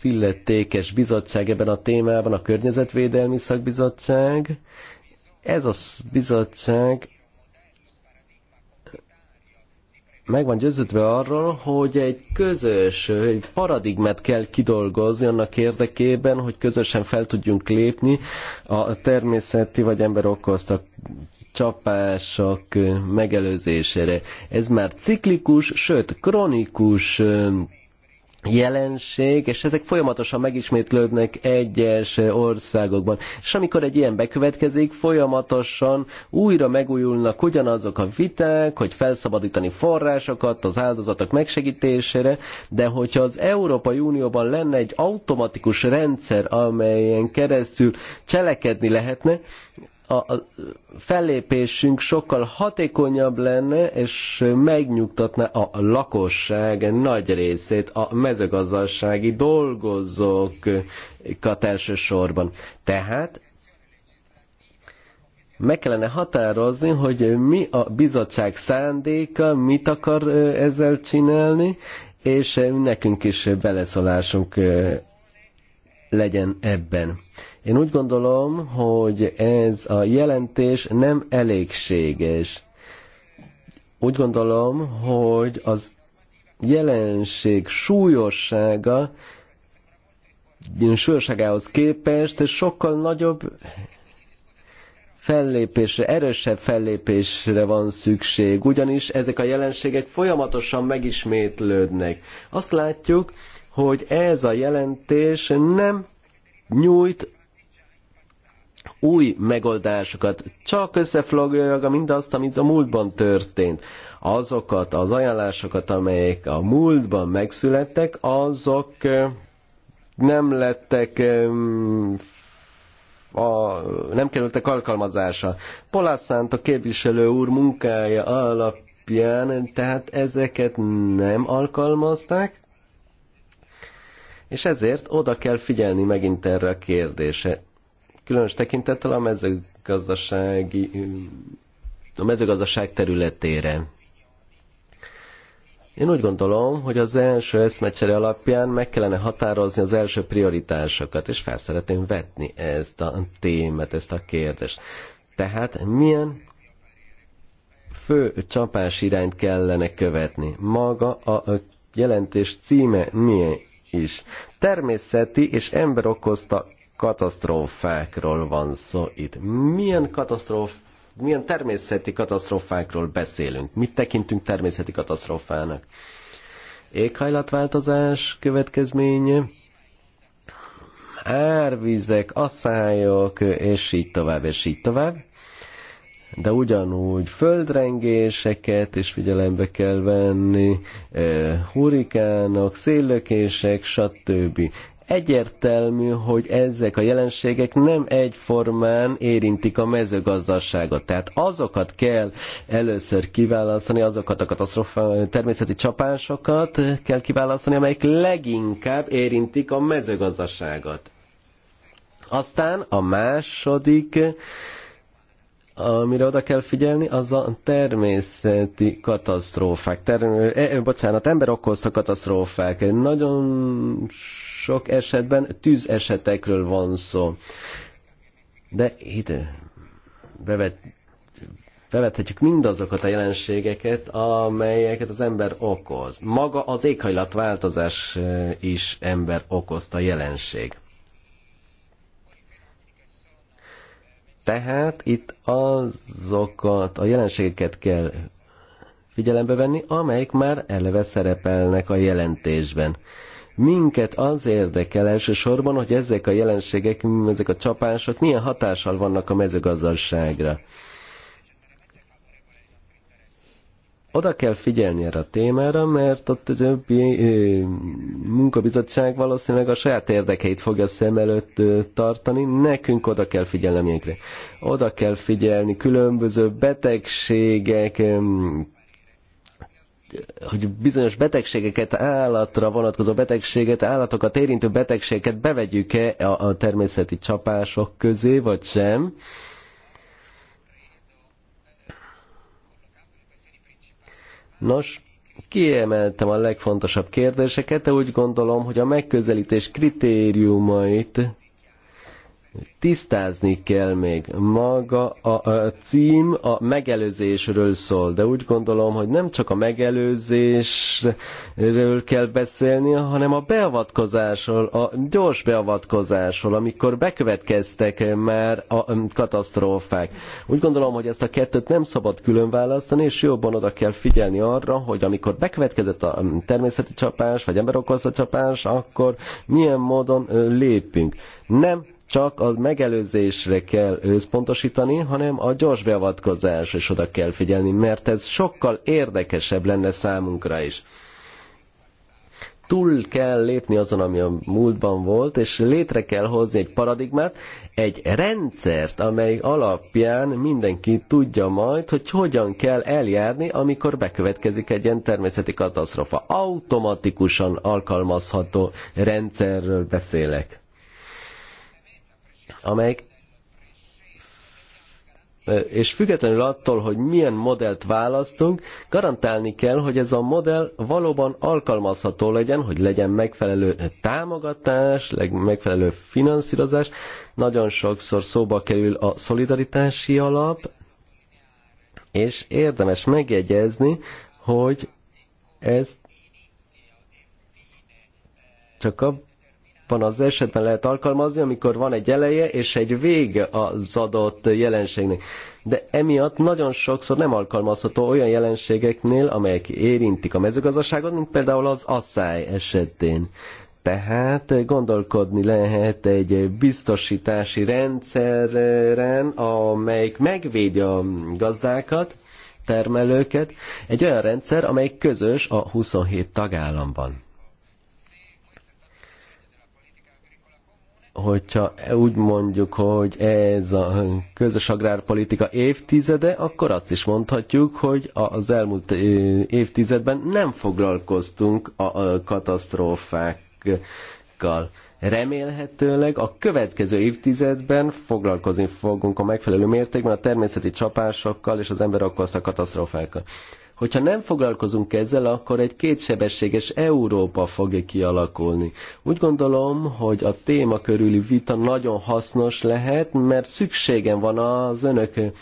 Speaker 3: illetékes bizottság ebben a témában, a Környezetvédelmi Szakbizottság. Ez a bizottság meg van győződve arról, hogy egy közös egy paradigmát kell kidolgozni annak érdekében, hogy közösen fel tudjunk lépni a természeti vagy ember okozta csapások megelőzésére. Ez már ciklikus, sőt kronikus jelenség, és ezek folyamatosan megismétlődnek egyes országokban. És amikor egy ilyen bekövetkezik, folyamatosan újra megújulnak ugyanazok a viták, hogy felszabadítani forrásokat az áldozatok megsegítésére, de hogyha az Európai Unióban lenne egy automatikus rendszer, amelyen keresztül cselekedni lehetne, a fellépésünk sokkal hatékonyabb lenne, és megnyugtatná a lakosság nagy részét, a mezőgazdasági dolgozókat elsősorban. Tehát meg kellene határozni, hogy mi a bizottság szándéka, mit akar ezzel csinálni, és nekünk is beleszólásunk legyen ebben. Én úgy gondolom, hogy ez a jelentés nem elégséges. Úgy gondolom, hogy az jelenség súlyossága súlyosságához képest sokkal nagyobb fellépésre, erősebb fellépésre van szükség, ugyanis ezek a jelenségek folyamatosan megismétlődnek. Azt látjuk, hogy ez a jelentés nem nyújt új megoldásokat, csak összefoglalja mindazt, amit a múltban történt. Azokat az ajánlásokat, amelyek a múltban megszülettek, azok nem lettek a, nem kerültek alkalmazása. Polászánt képviselő úr munkája alapján, tehát ezeket nem alkalmazták, és ezért oda kell figyelni megint erre a kérdése különös tekintettel a mezőgazdasági a mezőgazdaság területére. Én úgy gondolom, hogy az első eszmecsere alapján meg kellene határozni az első prioritásokat, és fel szeretném vetni ezt a témát, ezt a kérdést. Tehát milyen fő csapás irányt kellene követni? Maga a jelentés címe milyen is? Természeti és ember okozta katasztrófákról van szó itt. Milyen katasztróf, milyen természeti katasztrófákról beszélünk? Mit tekintünk természeti katasztrófának? Éghajlatváltozás következménye, árvizek, asszályok, és így tovább, és így tovább. De ugyanúgy földrengéseket is figyelembe kell venni, eh, hurikánok, széllökések, stb egyértelmű, hogy ezek a jelenségek nem egyformán érintik a mezőgazdaságot. Tehát azokat kell először kiválasztani, azokat a katasztrofa természeti csapásokat kell kiválasztani, amelyek leginkább érintik a mezőgazdaságot. Aztán a második amire oda kell figyelni, az a természeti katasztrófák. Term- eh, bocsánat, ember okozta katasztrófák. Nagyon sok esetben tűz esetekről van szó. De itt eh, bevet, bevethetjük mindazokat a jelenségeket, amelyeket az ember okoz. Maga az éghajlatváltozás eh, is ember okozta jelenség. Tehát itt azokat a jelenségeket kell figyelembe venni, amelyek már eleve szerepelnek a jelentésben. Minket az érdekel elsősorban, hogy ezek a jelenségek, ezek a csapások milyen hatással vannak a mezőgazdaságra. oda kell figyelni erre a témára, mert a többi munkabizottság valószínűleg a saját érdekeit fogja szem előtt tartani, nekünk oda kell figyelni minkre. Oda kell figyelni különböző betegségek, hogy bizonyos betegségeket, állatra vonatkozó betegséget, állatokat érintő betegségeket bevegyük-e a, a természeti csapások közé, vagy sem. Nos, kiemeltem a legfontosabb kérdéseket, de úgy gondolom, hogy a megközelítés kritériumait tisztázni kell még. Maga a, a cím a megelőzésről szól, de úgy gondolom, hogy nem csak a megelőzésről kell beszélni, hanem a beavatkozásról, a gyors beavatkozásról, amikor bekövetkeztek már a um, katasztrófák. Úgy gondolom, hogy ezt a kettőt nem szabad külön választani, és jobban oda kell figyelni arra, hogy amikor bekövetkezett a um, természeti csapás, vagy ember okozta csapás, akkor milyen módon uh, lépünk. Nem csak a megelőzésre kell összpontosítani, hanem a gyors beavatkozás is oda kell figyelni, mert ez sokkal érdekesebb lenne számunkra is túl kell lépni azon, ami a múltban volt, és létre kell hozni egy paradigmát, egy rendszert, amely alapján mindenki tudja majd, hogy hogyan kell eljárni, amikor bekövetkezik egy ilyen természeti katasztrofa. Automatikusan alkalmazható rendszerről beszélek amely és függetlenül attól, hogy milyen modellt választunk, garantálni kell, hogy ez a modell valóban alkalmazható legyen, hogy legyen megfelelő támogatás, megfelelő finanszírozás. Nagyon sokszor szóba kerül a szolidaritási alap, és érdemes megjegyezni, hogy ez csak a abban az esetben lehet alkalmazni, amikor van egy eleje és egy vége az adott jelenségnek. De emiatt nagyon sokszor nem alkalmazható olyan jelenségeknél, amelyek érintik a mezőgazdaságot, mint például az asszály esetén. Tehát gondolkodni lehet egy biztosítási rendszeren, amelyik megvédi a gazdákat, termelőket, egy olyan rendszer, amely közös a 27 tagállamban. hogyha úgy mondjuk, hogy ez a közös agrárpolitika évtizede, akkor azt is mondhatjuk, hogy az elmúlt évtizedben nem foglalkoztunk a katasztrófákkal. Remélhetőleg a következő évtizedben foglalkozni fogunk a megfelelő mértékben a természeti csapásokkal és az ember okozta katasztrófákkal. Hogyha nem foglalkozunk ezzel, akkor egy kétsebességes Európa fog kialakulni. Úgy gondolom, hogy a téma körüli vita nagyon hasznos lehet, mert szükségem van az önök eh,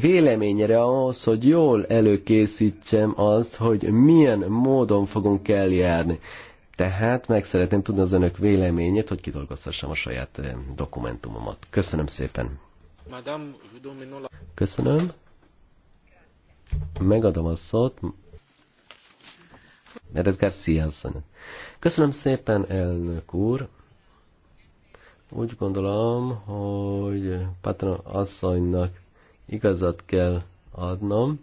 Speaker 3: véleményre ahhoz, hogy jól előkészítsem azt, hogy milyen módon fogunk eljárni. Tehát meg szeretném tudni az önök véleményét, hogy kidolgozhassam a saját eh, dokumentumomat. Köszönöm szépen. Köszönöm. Megadom a szót. ez Garcia asszony. Köszönöm szépen, elnök úr. Úgy gondolom, hogy Patron asszonynak igazat kell adnom.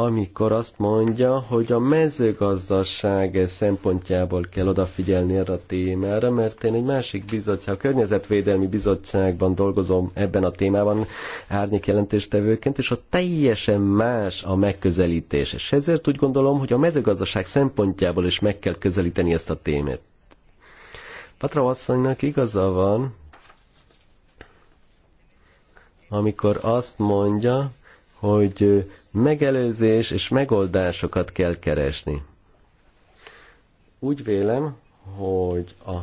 Speaker 3: amikor azt mondja, hogy a mezőgazdaság szempontjából kell odafigyelni erre a témára, mert én egy másik bizottság, a Környezetvédelmi Bizottságban dolgozom ebben a témában árnyék jelentéstevőként, és a teljesen más a megközelítés. És ezért úgy gondolom, hogy a mezőgazdaság szempontjából is meg kell közelíteni ezt a témát. Patra asszonynak igaza van, amikor azt mondja, hogy megelőzés és megoldásokat kell keresni. Úgy vélem, hogy a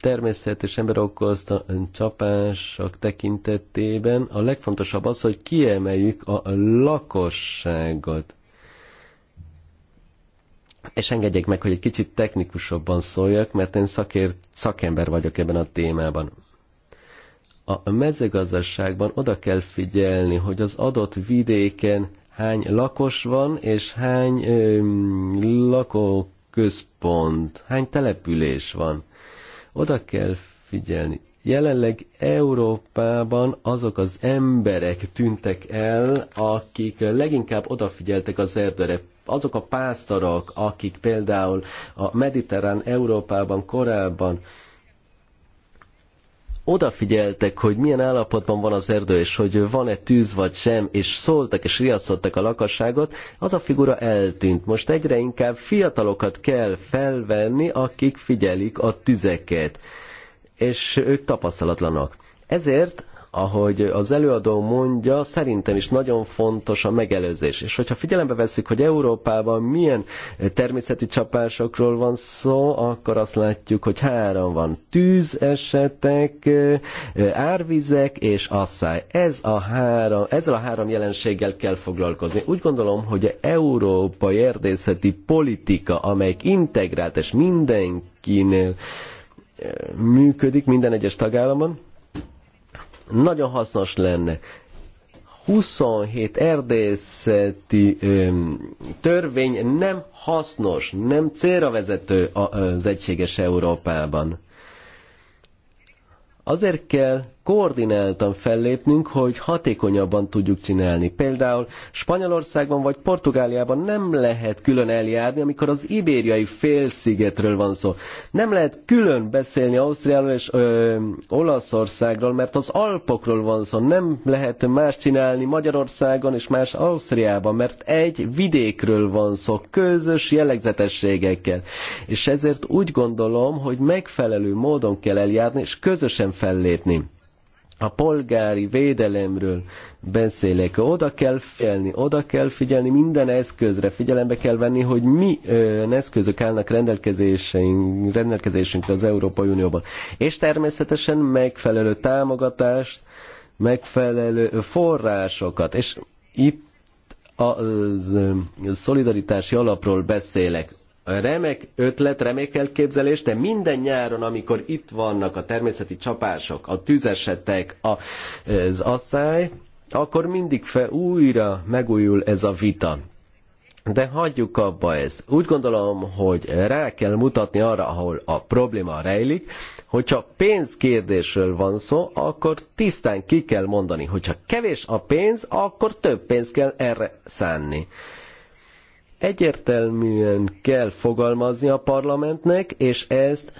Speaker 3: természetes ember okozta csapások tekintetében a legfontosabb az, hogy kiemeljük a lakosságot. És engedjék meg, hogy egy kicsit technikusabban szóljak, mert én szakért, szakember vagyok ebben a témában a mezőgazdaságban oda kell figyelni, hogy az adott vidéken hány lakos van, és hány ö, lakóközpont, hány település van. Oda kell figyelni. Jelenleg Európában azok az emberek tűntek el, akik leginkább odafigyeltek az erdőre. Azok a pásztorok, akik például a mediterrán Európában korábban odafigyeltek, hogy milyen állapotban van az erdő, és hogy van-e tűz vagy sem, és szóltak és riasztottak a lakosságot, az a figura eltűnt. Most egyre inkább fiatalokat kell felvenni, akik figyelik a tüzeket, és ők tapasztalatlanak. Ezért ahogy az előadó mondja, szerintem is nagyon fontos a megelőzés. És hogyha figyelembe vesszük, hogy Európában milyen természeti csapásokról van szó, akkor azt látjuk, hogy három van. tűz esetek, árvizek és asszály. Ez a három, ezzel a három jelenséggel kell foglalkozni. Úgy gondolom, hogy a európai erdészeti politika, amelyik integrált és mindenkinél eh, működik minden egyes tagállamon, nagyon hasznos lenne. 27 erdészeti öm, törvény nem hasznos, nem célra vezető az egységes Európában. Azért kell koordináltan fellépnünk, hogy hatékonyabban tudjuk csinálni. Például Spanyolországban vagy Portugáliában nem lehet külön eljárni, amikor az ibériai félszigetről van szó. Nem lehet külön beszélni Ausztriáról és ö, Olaszországról, mert az Alpokról van szó. Nem lehet más csinálni Magyarországon és más Ausztriában, mert egy vidékről van szó, közös jellegzetességekkel. És ezért úgy gondolom, hogy megfelelő módon kell eljárni, és közösen fellépni a polgári védelemről beszélek. Oda kell figyelni, oda kell figyelni minden eszközre, figyelembe kell venni, hogy mi ö, eszközök állnak rendelkezésünk, rendelkezésünkre az Európai Unióban. És természetesen megfelelő támogatást, megfelelő forrásokat, és itt a, a szolidaritási alapról beszélek remek ötlet, remek elképzelés, de minden nyáron, amikor itt vannak a természeti csapások, a tüzesetek, a, az asszály, akkor mindig fel újra megújul ez a vita. De hagyjuk abba ezt. Úgy gondolom, hogy rá kell mutatni arra, ahol a probléma rejlik, hogyha pénzkérdésről van szó, akkor tisztán ki kell mondani, hogyha kevés a pénz, akkor több pénzt kell erre szánni egyértelműen kell fogalmazni a parlamentnek, és ezt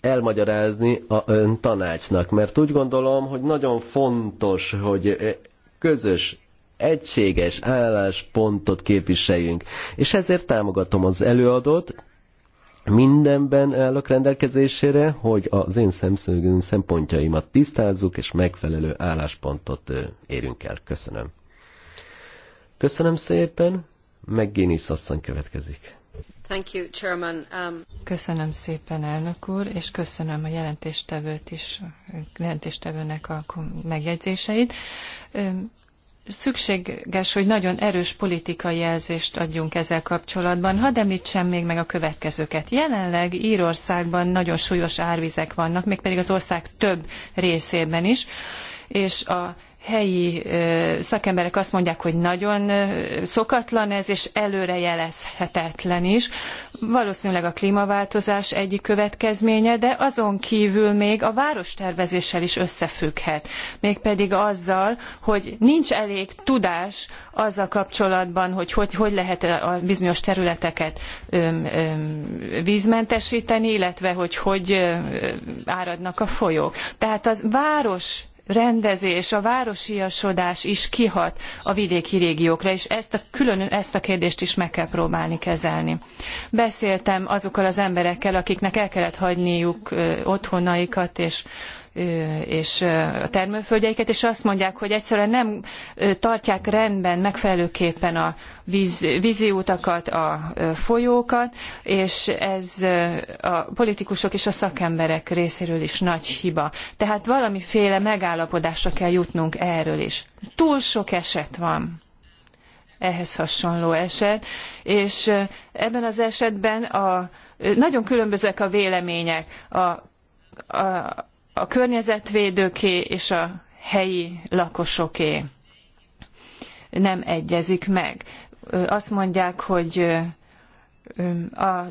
Speaker 3: elmagyarázni a ön tanácsnak, mert úgy gondolom, hogy nagyon fontos, hogy közös egységes álláspontot képviseljünk. És ezért támogatom az előadót, mindenben állok rendelkezésére, hogy az én szemszögünk szempontjaimat tisztázzuk, és megfelelő álláspontot érünk el. Köszönöm. Köszönöm szépen. McGuinness asszony következik.
Speaker 2: Thank you, Chairman. Um... Köszönöm szépen, elnök úr, és köszönöm a jelentéstevőt is, jelentéstevőnek a megjegyzéseit szükséges, hogy nagyon erős politikai jelzést adjunk ezzel kapcsolatban. Hadd említsem még meg a következőket. Jelenleg Írországban nagyon súlyos árvizek vannak, mégpedig az ország több részében is, és a helyi szakemberek azt mondják, hogy nagyon szokatlan ez, és előrejelezhetetlen is. Valószínűleg a klímaváltozás egyik következménye, de azon kívül még a várostervezéssel is összefügghet. Mégpedig azzal, hogy nincs elég tudás azzal kapcsolatban, hogy hogy, hogy lehet a bizonyos területeket öm, vízmentesíteni, illetve hogy hogy áradnak a folyók. Tehát a város rendezés, a városiasodás is kihat a vidéki régiókra, és ezt a, külön ezt a kérdést is meg kell próbálni kezelni. Beszéltem azokkal az emberekkel, akiknek el kellett hagyniuk otthonaikat, és és a termőföldjeiket, és azt mondják, hogy egyszerűen nem tartják rendben megfelelőképpen a víz, vízi utakat, a folyókat, és ez a politikusok és a szakemberek részéről is nagy hiba. Tehát valamiféle megállapodásra kell jutnunk erről is. Túl sok eset van ehhez hasonló eset, és ebben az esetben a, nagyon különbözőek a vélemények. A, a, a környezetvédőké és a helyi lakosoké nem egyezik meg. Azt mondják, hogy a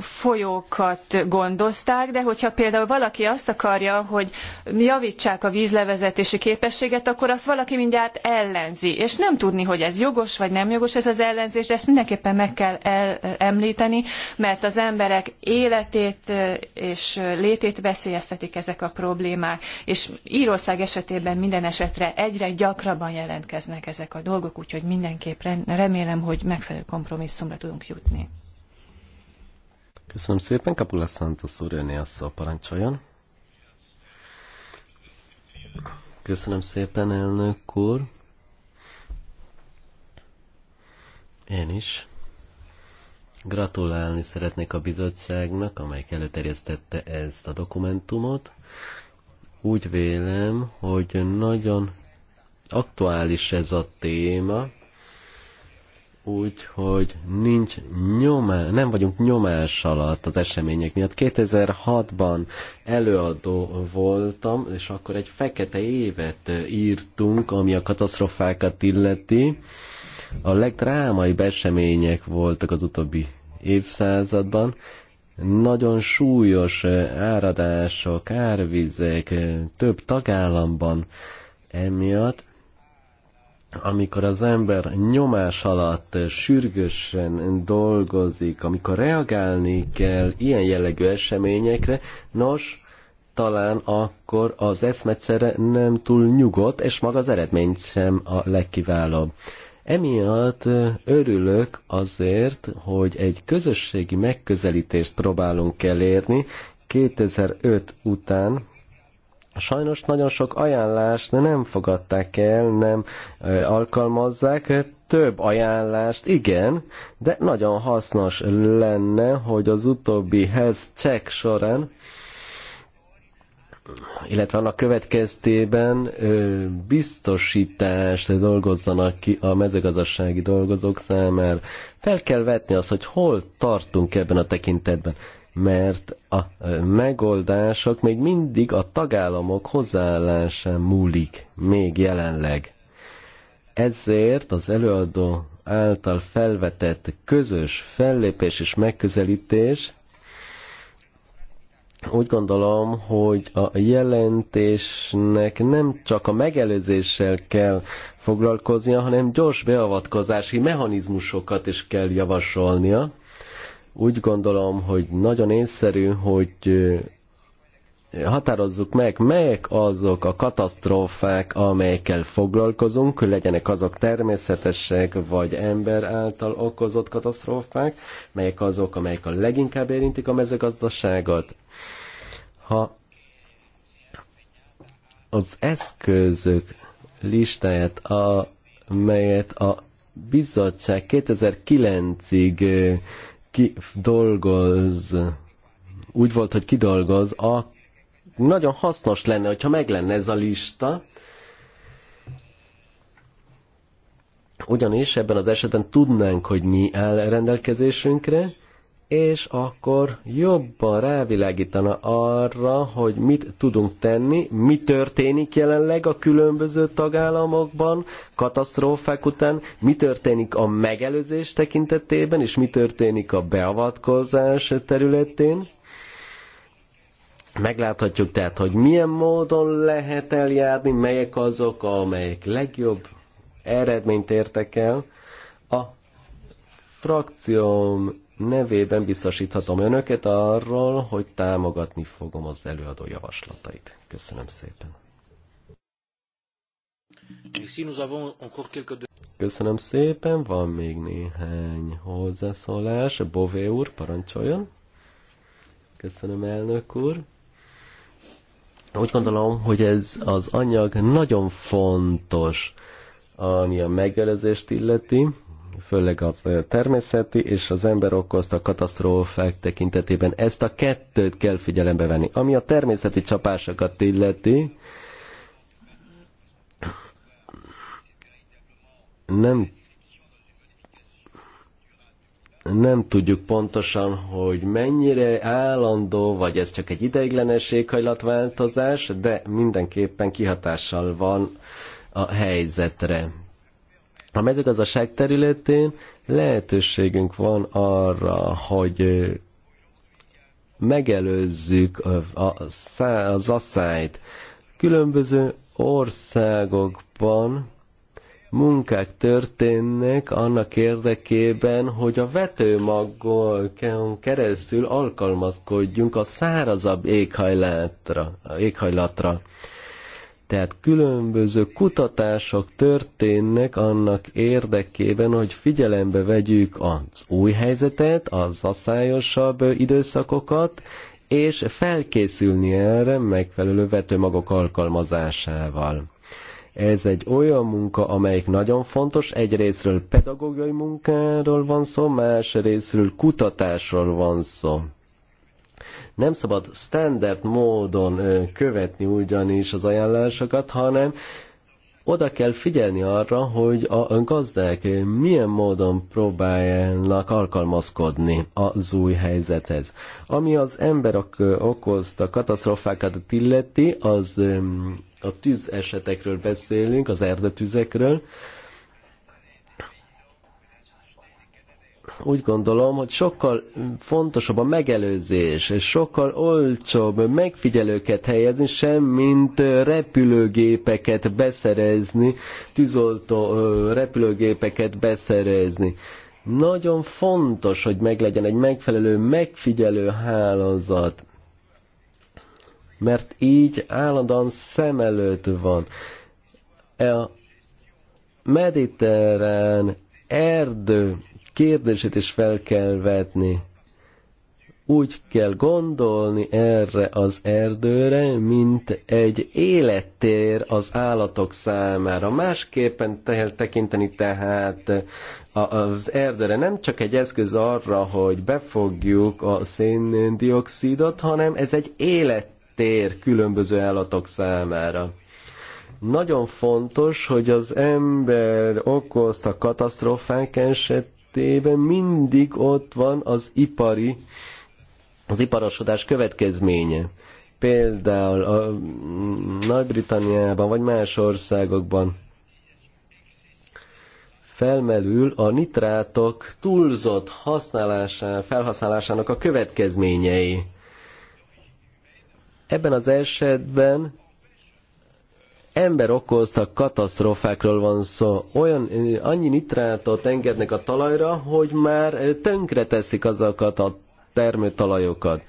Speaker 2: folyókat gondozták, de hogyha például valaki azt akarja, hogy javítsák a vízlevezetési képességet, akkor azt valaki mindjárt ellenzi. És nem tudni, hogy ez jogos vagy nem jogos ez az ellenzés, de ezt mindenképpen meg kell el- említeni, mert az emberek életét és létét veszélyeztetik ezek a problémák. És Írország esetében minden esetre egyre gyakrabban jelentkeznek ezek a dolgok, úgyhogy mindenképp remélem, hogy megfelelő kompromisszumra tudunk jutni jutni.
Speaker 3: Köszönöm szépen, Kapula Santos úr, öné a szó, parancsoljon. Köszönöm szépen, elnök úr. Én is. Gratulálni szeretnék a bizottságnak, amely előterjesztette ezt a dokumentumot. Úgy vélem, hogy nagyon aktuális ez a téma, úgy, hogy nincs nyomás, nem vagyunk nyomás alatt az események miatt. 2006-ban előadó voltam, és akkor egy fekete évet írtunk, ami a katasztrofákat illeti. A legdrámaibb események voltak az utóbbi évszázadban. Nagyon súlyos áradások, árvizek több tagállamban emiatt amikor az ember nyomás alatt sürgősen dolgozik, amikor reagálni kell ilyen jellegű eseményekre, nos, talán akkor az eszmecsere nem túl nyugodt, és maga az eredmény sem a legkiválóbb. Emiatt örülök azért, hogy egy közösségi megközelítést próbálunk elérni 2005 után, Sajnos nagyon sok ajánlást nem fogadták el, nem alkalmazzák, több ajánlást, igen, de nagyon hasznos lenne, hogy az utóbbi health check során illetve annak következtében biztosítást dolgozzanak ki a mezőgazdasági dolgozók számára. Fel kell vetni azt, hogy hol tartunk ebben a tekintetben mert a megoldások még mindig a tagállamok hozzáállásán múlik, még jelenleg. Ezért az előadó által felvetett közös fellépés és megközelítés úgy gondolom, hogy a jelentésnek nem csak a megelőzéssel kell foglalkoznia, hanem gyors beavatkozási mechanizmusokat is kell javasolnia, úgy gondolom, hogy nagyon észszerű, hogy határozzuk meg, melyek azok a katasztrófák, amelyekkel foglalkozunk, legyenek azok természetesek vagy ember által okozott katasztrófák, melyek azok, amelyek a leginkább érintik a mezőgazdaságot. Ha az eszközök listáját, amelyet a bizottság 2009-ig ki dolgoz, úgy volt, hogy kidolgoz, a, nagyon hasznos lenne, hogyha meg lenne ez a lista, ugyanis ebben az esetben tudnánk, hogy mi áll rendelkezésünkre, és akkor jobban rávilágítana arra, hogy mit tudunk tenni, mi történik jelenleg a különböző tagállamokban, katasztrófák után, mi történik a megelőzés tekintetében, és mi történik a beavatkozás területén. Megláthatjuk tehát, hogy milyen módon lehet eljárni, melyek azok, amelyek legjobb eredményt értek el. A frakcióm nevében biztosíthatom önöket arról, hogy támogatni fogom az előadó javaslatait. Köszönöm szépen. Köszönöm szépen, van még néhány hozzászólás. Bové úr, parancsoljon. Köszönöm, elnök úr. Úgy gondolom, hogy ez az anyag nagyon fontos, ami a megelőzést illeti, főleg az természeti és az ember okozta katasztrófák tekintetében. Ezt a kettőt kell figyelembe venni. Ami a természeti csapásokat illeti, nem nem tudjuk pontosan, hogy mennyire állandó, vagy ez csak egy ideiglenes éghajlatváltozás, de mindenképpen kihatással van a helyzetre. A mezőgazdaság területén lehetőségünk van arra, hogy megelőzzük az asszályt. Különböző országokban munkák történnek annak érdekében, hogy a vetőmagon keresztül alkalmazkodjunk a szárazabb éghajlatra. éghajlatra. Tehát különböző kutatások történnek annak érdekében, hogy figyelembe vegyük az új helyzetet, az aszályosabb időszakokat, és felkészülni erre megfelelő vetőmagok alkalmazásával. Ez egy olyan munka, amelyik nagyon fontos. Egyrésztről pedagógiai munkáról van szó, másrésztről kutatásról van szó. Nem szabad standard módon követni ugyanis az ajánlásokat, hanem oda kell figyelni arra, hogy a gazdák milyen módon próbálnak alkalmazkodni az új helyzethez. Ami az emberek okozta katasztrofákat illeti, az a tűz esetekről beszélünk, az erdetűzekről, úgy gondolom, hogy sokkal fontosabb a megelőzés, és sokkal olcsóbb megfigyelőket helyezni, sem mint repülőgépeket beszerezni, tűzoltó repülőgépeket beszerezni. Nagyon fontos, hogy meglegyen egy megfelelő megfigyelő hálózat, mert így állandóan szem előtt van. E a mediterrán erdő kérdését is fel kell vetni. Úgy kell gondolni erre az erdőre, mint egy élettér az állatok számára. Másképpen tekinteni tehát az erdőre nem csak egy eszköz arra, hogy befogjuk a széndiokszidot, hanem ez egy élettér különböző állatok számára nagyon fontos, hogy az ember okozta katasztrófák eset esetében mindig ott van az ipari, az iparosodás következménye. Például a Nagy-Britanniában vagy más országokban felmelül a nitrátok túlzott használása, felhasználásának a következményei. Ebben az esetben ember okozta katasztrófákról van szó. Olyan, annyi nitrátot engednek a talajra, hogy már tönkreteszik azokat a termőtalajokat.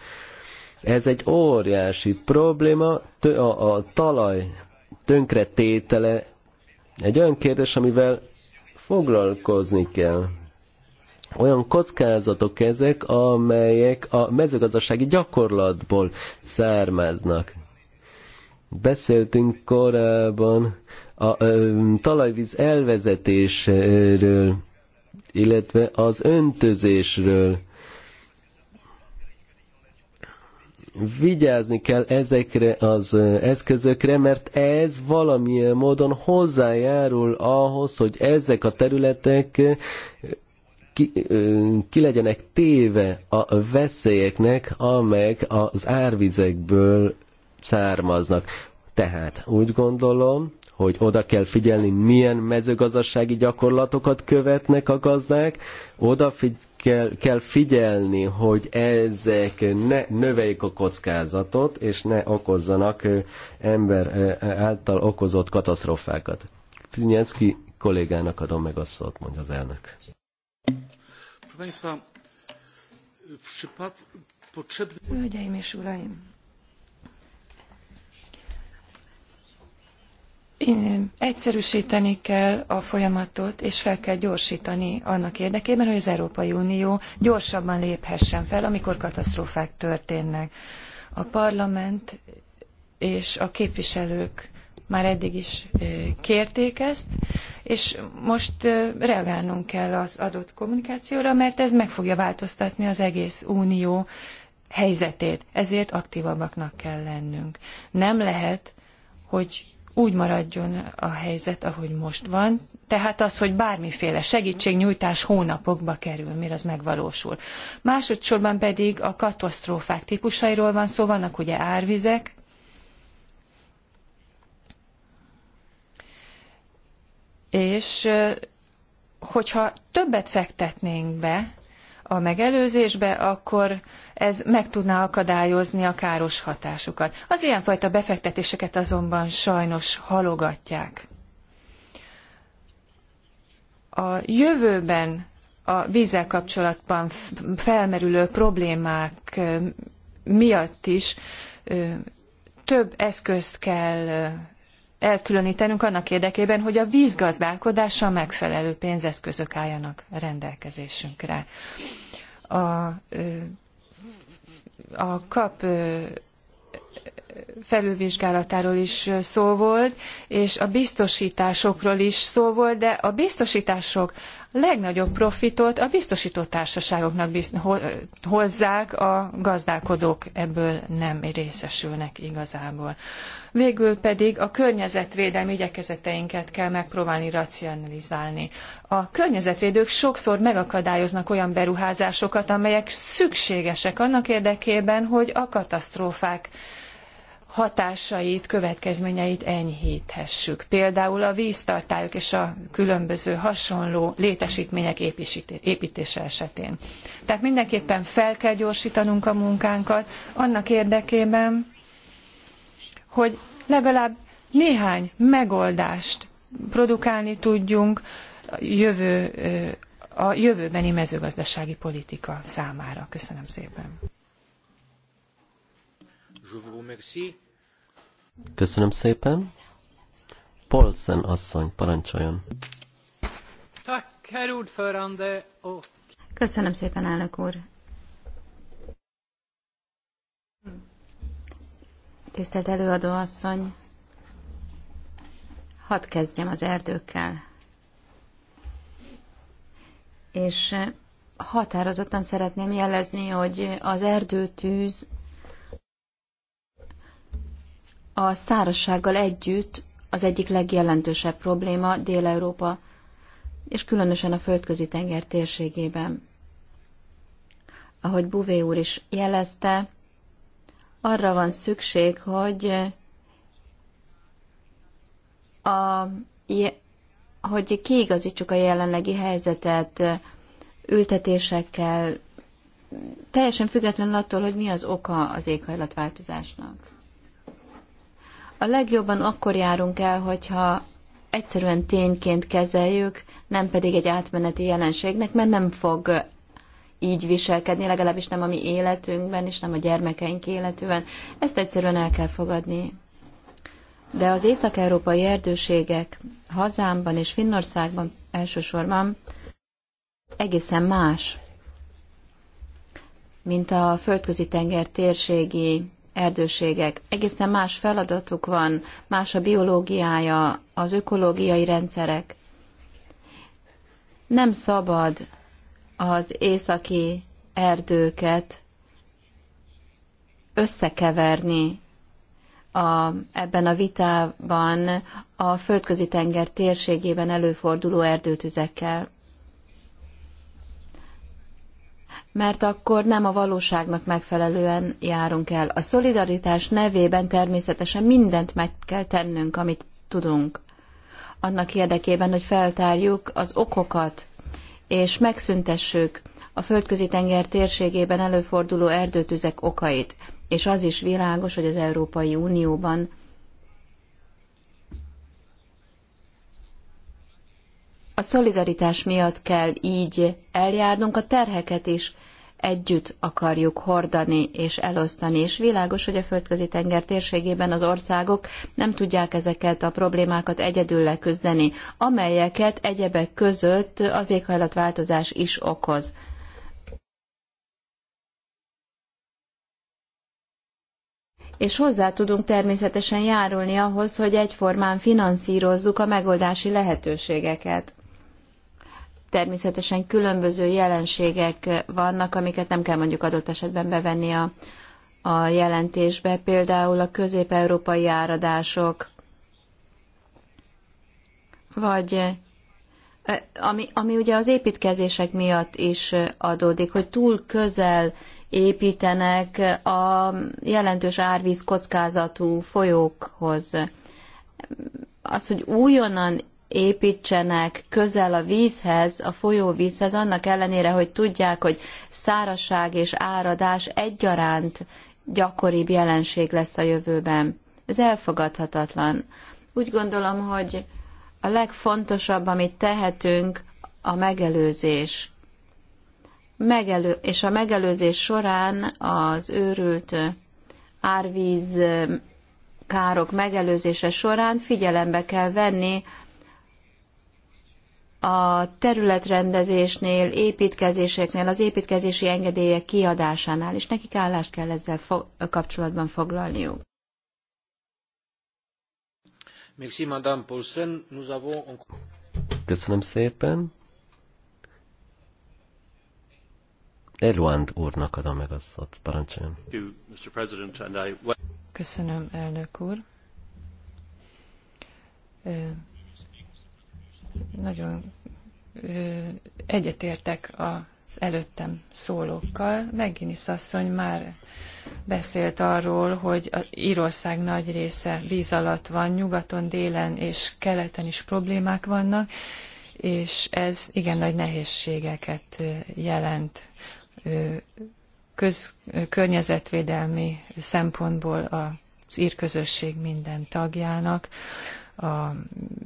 Speaker 3: Ez egy óriási probléma, a, a talaj tönkretétele egy olyan kérdés, amivel foglalkozni kell. Olyan kockázatok ezek, amelyek a mezőgazdasági gyakorlatból származnak. Beszéltünk korábban a ö, talajvíz elvezetéséről, illetve az öntözésről. Vigyázni kell ezekre az eszközökre, mert ez valamilyen módon hozzájárul ahhoz, hogy ezek a területek ki, ki legyenek téve a veszélyeknek, amelyek az árvizekből származnak. Tehát úgy gondolom, hogy oda kell figyelni, milyen mezőgazdasági gyakorlatokat követnek a gazdák, oda figy- kell, kell figyelni, hogy ezek ne növeljék a kockázatot, és ne okozzanak ember által okozott katasztrófákat. Pinyecki kollégának adom meg a szót, mondja az elnök.
Speaker 2: Hölgyeim és uraim! egyszerűsíteni kell a folyamatot, és fel kell gyorsítani annak érdekében, hogy az Európai Unió gyorsabban léphessen fel, amikor katasztrófák történnek. A parlament és a képviselők már eddig is kérték ezt, és most reagálnunk kell az adott kommunikációra, mert ez meg fogja változtatni az egész unió helyzetét. Ezért aktívabbaknak kell lennünk. Nem lehet, hogy úgy maradjon a helyzet, ahogy most van, tehát az, hogy bármiféle segítségnyújtás hónapokba kerül, mire az megvalósul. Másodszorban pedig a katasztrófák típusairól van szó, vannak ugye árvizek, és hogyha többet fektetnénk be a megelőzésbe, akkor ez meg tudná akadályozni a káros hatásukat. Az ilyenfajta befektetéseket azonban sajnos halogatják. A jövőben a vízzel kapcsolatban felmerülő problémák miatt is több eszközt kell elkülönítenünk annak érdekében, hogy a vízgazdálkodással megfelelő pénzeszközök álljanak rendelkezésünkre. A a kap felülvizsgálatáról is szó volt, és a biztosításokról is szó volt, de a biztosítások legnagyobb profitot a biztosító társaságoknak hozzák, a gazdálkodók ebből nem részesülnek igazából. Végül pedig a környezetvédelmi igyekezeteinket kell megpróbálni racionalizálni. A környezetvédők sokszor megakadályoznak olyan beruházásokat, amelyek szükségesek annak érdekében, hogy a katasztrófák hatásait, következményeit enyhíthessük. Például a víztartályok és a különböző hasonló létesítmények építése esetén. Tehát mindenképpen fel kell gyorsítanunk a munkánkat annak érdekében, hogy legalább néhány megoldást produkálni tudjunk a, jövő, a jövőbeni mezőgazdasági politika számára. Köszönöm szépen. Je vous remercie.
Speaker 3: Köszönöm szépen. Polsen asszony, parancsoljon.
Speaker 2: Köszönöm szépen,
Speaker 1: elnök úr. Tisztelt előadó asszony, hadd kezdjem az erdőkkel. És eh, határozottan szeretném jelezni, hogy az erdőtűz a szárassággal együtt az egyik legjelentősebb probléma Dél-Európa, és különösen a földközi tenger térségében. Ahogy Buvé úr is jelezte, arra van szükség, hogy a, hogy kiigazítsuk a jelenlegi helyzetet ültetésekkel, teljesen függetlenül attól, hogy mi az oka az éghajlatváltozásnak. A legjobban akkor járunk el, hogyha egyszerűen tényként kezeljük, nem pedig egy átmeneti jelenségnek, mert nem fog így viselkedni, legalábbis nem a mi életünkben, és nem a gyermekeink életében. Ezt egyszerűen el kell fogadni. De az észak-európai erdőségek hazámban és Finnországban elsősorban egészen más, mint a földközi tenger térségi erdőségek. Egészen más feladatuk van, más a biológiája, az ökológiai rendszerek. Nem szabad az északi erdőket összekeverni a, ebben a vitában a földközi tenger térségében előforduló erdőtüzekkel. mert akkor nem a valóságnak megfelelően járunk el. A szolidaritás nevében természetesen mindent meg kell tennünk, amit tudunk. Annak érdekében, hogy feltárjuk az okokat, és megszüntessük a földközi tenger térségében előforduló erdőtüzek okait. És az is világos, hogy az Európai Unióban a szolidaritás miatt kell így eljárnunk, a terheket is együtt akarjuk hordani és elosztani. És világos, hogy a földközi tenger térségében az országok nem tudják ezeket a problémákat egyedül leküzdeni, amelyeket egyebek között az éghajlatváltozás is okoz. és hozzá tudunk természetesen járulni ahhoz, hogy egyformán finanszírozzuk a megoldási lehetőségeket természetesen különböző jelenségek vannak, amiket nem kell mondjuk adott esetben bevenni a, a jelentésbe, például a közép-európai áradások, vagy ami, ami ugye az építkezések miatt is adódik, hogy túl közel építenek a jelentős árvíz kockázatú folyókhoz. Az, hogy újonnan építsenek közel a vízhez, a folyóvízhez, annak ellenére, hogy tudják, hogy szárazság és áradás egyaránt gyakoribb jelenség lesz a jövőben. Ez elfogadhatatlan. Úgy gondolom, hogy a legfontosabb, amit tehetünk, a megelőzés. Megelő, és a megelőzés során az őrült árvíz károk megelőzése során figyelembe kell venni a területrendezésnél, építkezéseknél, az építkezési engedélyek kiadásánál, és nekik állást kell ezzel fo- kapcsolatban foglalniuk.
Speaker 3: Merci, Madame Paulsen. Nous avons... Köszönöm szépen. Eluand úrnak adom meg a szót, parancsoljon. Köszönöm,
Speaker 2: elnök úr nagyon egyetértek az előttem szólókkal. Megginis asszony már beszélt arról, hogy a Írország nagy része víz alatt van, nyugaton, délen és keleten is problémák vannak, és ez igen nagy nehézségeket jelent köz, környezetvédelmi szempontból az írközösség minden tagjának a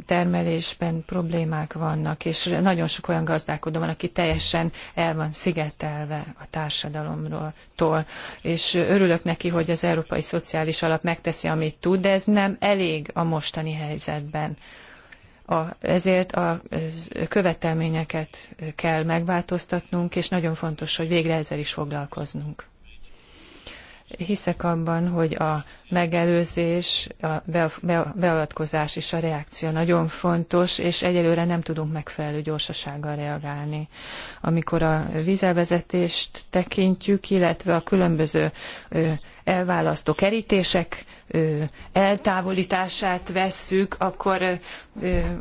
Speaker 2: termelésben problémák vannak, és nagyon sok olyan gazdálkodó van, aki teljesen el van szigetelve a társadalomtól. És örülök neki, hogy az Európai Szociális Alap megteszi, amit tud, de ez nem elég a mostani helyzetben. A, ezért a követelményeket kell megváltoztatnunk, és nagyon fontos, hogy végre ezzel is foglalkoznunk. Hiszek abban, hogy a megelőzés, a beavatkozás és a reakció nagyon fontos, és egyelőre nem tudunk megfelelő gyorsasággal reagálni. Amikor a vízelvezetést tekintjük, illetve a különböző elválasztó kerítések eltávolítását vesszük, akkor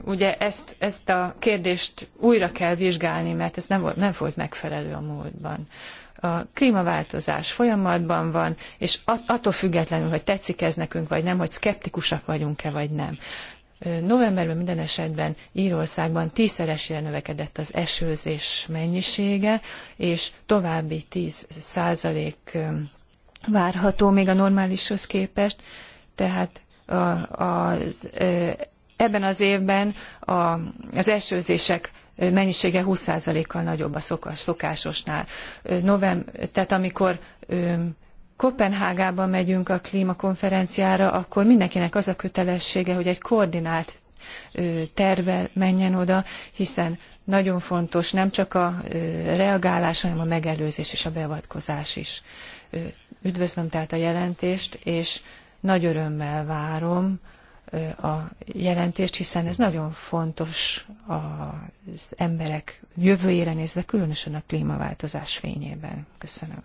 Speaker 2: ugye ezt, ezt a kérdést újra kell vizsgálni, mert ez nem volt, nem volt megfelelő a múltban a klímaváltozás folyamatban van, és attól függetlenül, hogy tetszik ez nekünk, vagy nem, hogy szkeptikusak vagyunk-e, vagy nem. Novemberben minden esetben Írországban tízszeresére növekedett az esőzés mennyisége, és további 10 százalék várható még a normálishoz képest, tehát a, a, ebben az évben a, az esőzések mennyisége 20%-kal nagyobb a szokásosnál. Novem, tehát amikor Kopenhágában megyünk a klímakonferenciára, akkor mindenkinek az a kötelessége, hogy egy koordinált tervel menjen oda, hiszen nagyon fontos nem csak a reagálás, hanem a megelőzés és a beavatkozás is. Üdvözlöm tehát a jelentést, és nagy örömmel várom a jelentést, hiszen ez nagyon fontos az emberek jövőjére nézve, különösen a klímaváltozás fényében. Köszönöm.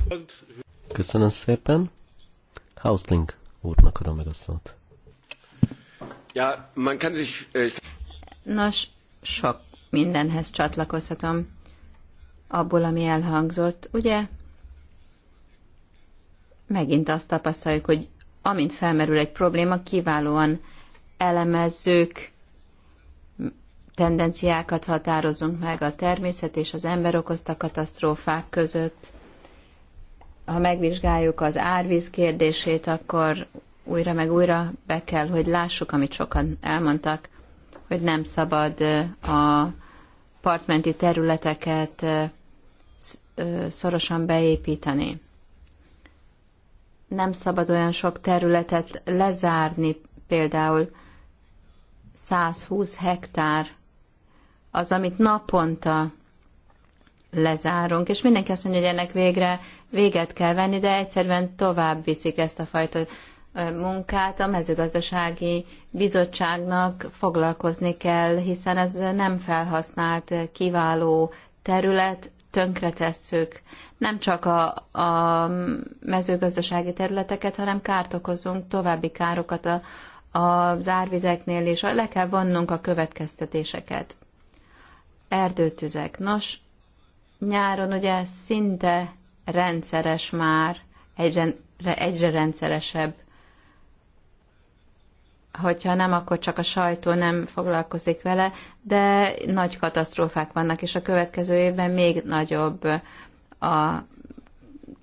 Speaker 3: Köszönöm szépen. Hausling úrnak adom meg a szót. Ja, man kann sich, äh,
Speaker 1: Nos, sok mindenhez csatlakozhatom abból, ami elhangzott. Ugye megint azt tapasztaljuk, hogy amint felmerül egy probléma, kiválóan elemezzük, tendenciákat határozunk meg a természet és az ember okozta katasztrófák között. Ha megvizsgáljuk az árvíz kérdését, akkor újra meg újra be kell, hogy lássuk, amit sokan elmondtak, hogy nem szabad a partmenti területeket szorosan beépíteni. Nem szabad olyan sok területet lezárni, például 120 hektár az, amit naponta lezárunk, és mindenki azt mondja, hogy ennek végre véget kell venni, de egyszerűen tovább viszik ezt a fajta munkát. A mezőgazdasági bizottságnak foglalkozni kell, hiszen ez nem felhasznált kiváló terület, tönkretesszük nem csak a, a mezőgazdasági területeket, hanem kárt okozunk, további károkat a, a zárvizeknél, és le kell vannunk a következtetéseket. Erdőtüzek. Nos, nyáron ugye szinte rendszeres már, egyre, egyre rendszeresebb. Hogyha nem, akkor csak a sajtó nem foglalkozik vele, de nagy katasztrófák vannak, és a következő évben még nagyobb a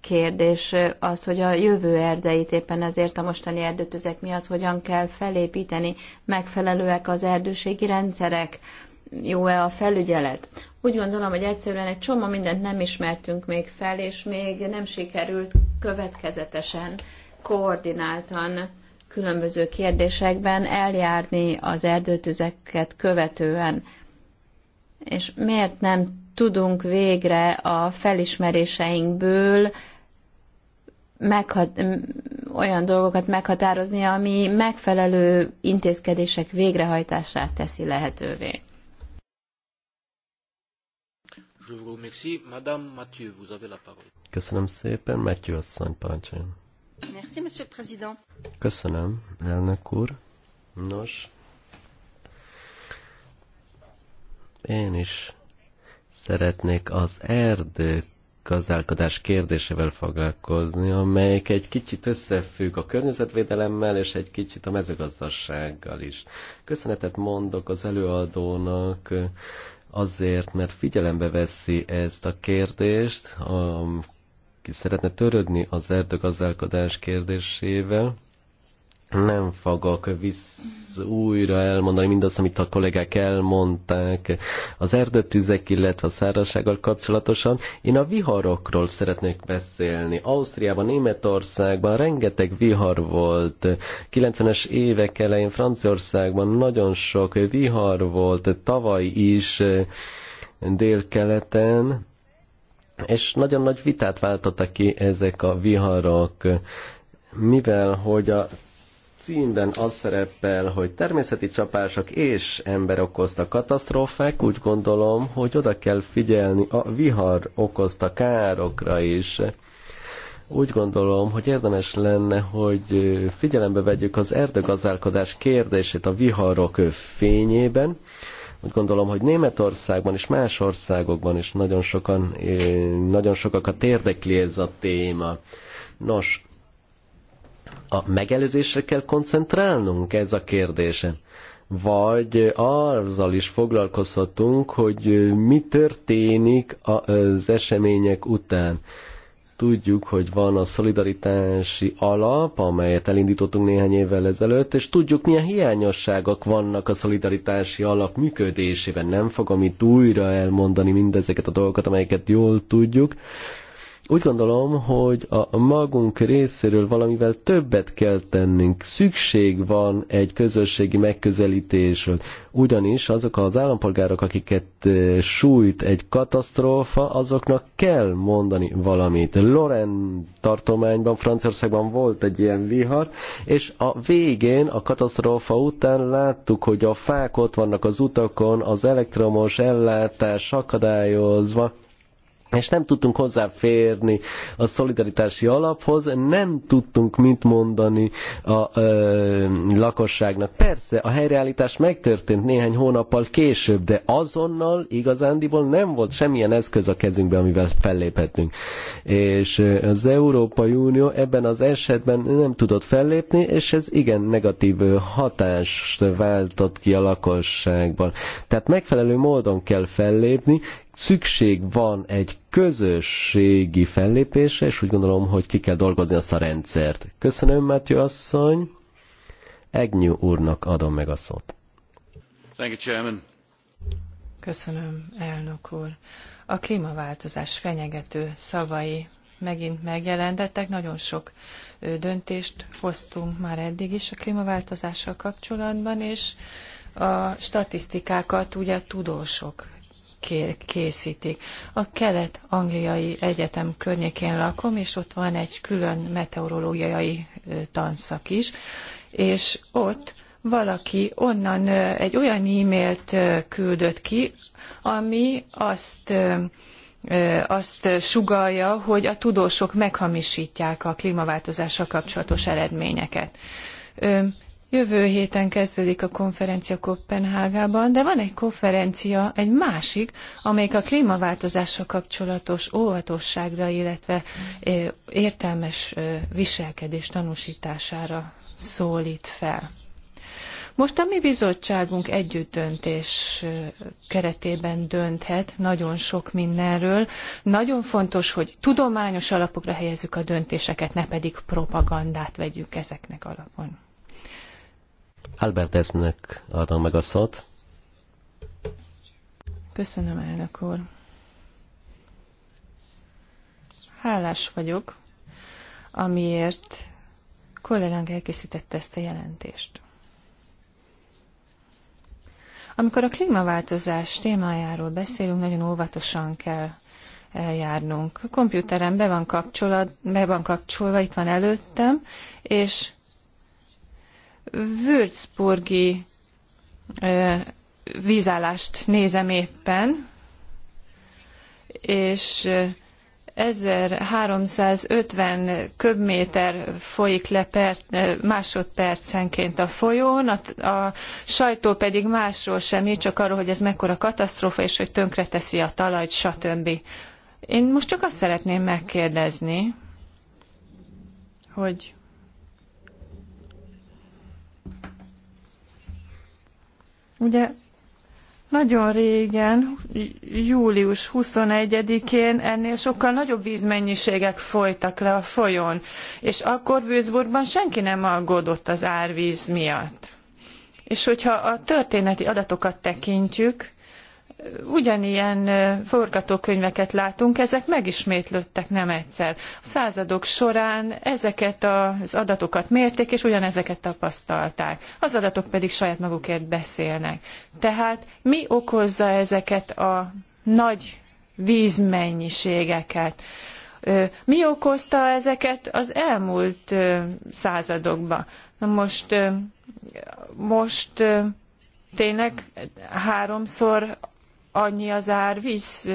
Speaker 1: kérdés az, hogy a jövő erdeit éppen ezért a mostani erdőtüzek miatt hogyan kell felépíteni, megfelelőek az erdőségi rendszerek, jó-e a felügyelet. Úgy gondolom, hogy egyszerűen egy csomó mindent nem ismertünk még fel, és még nem sikerült következetesen, koordináltan különböző kérdésekben eljárni az erdőtüzeket követően. És miért nem tudunk végre a felismeréseinkből meghat- olyan dolgokat meghatározni, ami megfelelő intézkedések végrehajtását teszi lehetővé.
Speaker 3: Köszönöm szépen, Matthew asszony, parancsoljon.
Speaker 2: monsieur le président.
Speaker 3: Köszönöm, elnök úr. Nos, én is Szeretnék az erdő gazdálkodás kérdésével foglalkozni, amelyik egy kicsit összefügg a környezetvédelemmel, és egy kicsit a mezőgazdasággal is. Köszönetet mondok az előadónak azért, mert figyelembe veszi ezt a kérdést, aki szeretne törődni az erdőgazdálkodás kérdésével, nem fogok visz, újra elmondani mindazt, amit a kollégák elmondták az erdőtüzek, illetve a szárazsággal kapcsolatosan. Én a viharokról szeretnék beszélni. Ausztriában, Németországban rengeteg vihar volt. 90-es évek elején Franciaországban nagyon sok vihar volt, tavaly is délkeleten, és nagyon nagy vitát váltottak ki ezek a viharok mivel hogy a címben az szerepel, hogy természeti csapások és ember okozta katasztrófák, úgy gondolom, hogy oda kell figyelni a vihar okozta károkra is. Úgy gondolom, hogy érdemes lenne, hogy figyelembe vegyük az erdőgazdálkodás kérdését a viharok fényében. Úgy gondolom, hogy Németországban és más országokban is nagyon, sokan, eh, nagyon sokakat érdekli ez a téma. Nos, a megelőzésre kell koncentrálnunk, ez a kérdése? Vagy azzal is foglalkozhatunk, hogy mi történik az események után. Tudjuk, hogy van a szolidaritási alap, amelyet elindítottunk néhány évvel ezelőtt, és tudjuk, milyen hiányosságok vannak a szolidaritási alap működésében. Nem fogom itt újra elmondani mindezeket a dolgokat, amelyeket jól tudjuk úgy gondolom, hogy a magunk részéről valamivel többet kell tennünk. Szükség van egy közösségi megközelítésről. Ugyanis azok az állampolgárok, akiket sújt egy katasztrófa, azoknak kell mondani valamit. Loren tartományban, Franciaországban volt egy ilyen vihar, és a végén, a katasztrófa után láttuk, hogy a fák ott vannak az utakon, az elektromos ellátás akadályozva, és nem tudtunk hozzáférni a szolidaritási alaphoz, nem tudtunk mit mondani a ö, lakosságnak. Persze, a helyreállítás megtörtént néhány hónappal később, de azonnal igazándiból nem volt semmilyen eszköz a kezünkben, amivel felléphetünk. És az Európai Unió ebben az esetben nem tudott fellépni, és ez igen negatív hatást váltott ki a lakosságban. Tehát megfelelő módon kell fellépni, szükség van egy közösségi fellépésre, és úgy gondolom, hogy ki kell dolgozni azt a rendszert. Köszönöm, Mátyó asszony. Egnyú úrnak adom meg a szót.
Speaker 2: Thank you, Chairman. Köszönöm, elnök úr. A klímaváltozás fenyegető szavai megint megjelentettek. Nagyon sok döntést hoztunk már eddig is a klímaváltozással kapcsolatban, és a statisztikákat ugye a tudósok készítik. A Kelet-Angliai Egyetem környékén lakom, és ott van egy külön meteorológiai tanszak is, és ott valaki onnan egy olyan e-mailt küldött ki, ami azt azt sugallja, hogy a tudósok meghamisítják a klímaváltozással kapcsolatos eredményeket Jövő héten kezdődik a konferencia Kopenhágában, de van egy konferencia, egy másik, amelyik a klímaváltozással kapcsolatos óvatosságra, illetve értelmes viselkedés tanúsítására szólít fel. Most a mi bizottságunk együttdöntés keretében dönthet nagyon sok mindenről. Nagyon fontos, hogy tudományos alapokra helyezzük a döntéseket, ne pedig propagandát vegyük ezeknek alapon.
Speaker 3: Albert esznek adom meg a szót.
Speaker 2: Köszönöm, elnök úr. Hálás vagyok, amiért kollégánk elkészítette ezt a jelentést. Amikor a klímaváltozás témájáról beszélünk, nagyon óvatosan kell eljárnunk. A kompjúterem be van, kapcsolat, be van kapcsolva, itt van előttem, és Würzburgi vízállást nézem éppen, és 1350 köbméter folyik le per, másodpercenként a folyón, a, a sajtó pedig másról semmi, csak arról, hogy ez mekkora katasztrófa, és hogy tönkreteszi a talajt, stb. Én most csak azt szeretném megkérdezni, hogy Ugye nagyon régen, július 21-én ennél sokkal nagyobb vízmennyiségek folytak le a folyón, és akkor Vőzburgban senki nem aggódott az árvíz miatt. És hogyha a történeti adatokat tekintjük, ugyanilyen forgatókönyveket látunk, ezek megismétlődtek nem egyszer. A századok során ezeket az adatokat mérték, és ugyanezeket tapasztalták. Az adatok pedig saját magukért beszélnek. Tehát mi okozza ezeket a nagy vízmennyiségeket? Mi okozta ezeket az elmúlt századokban? Na most, most tényleg háromszor annyi az árvíz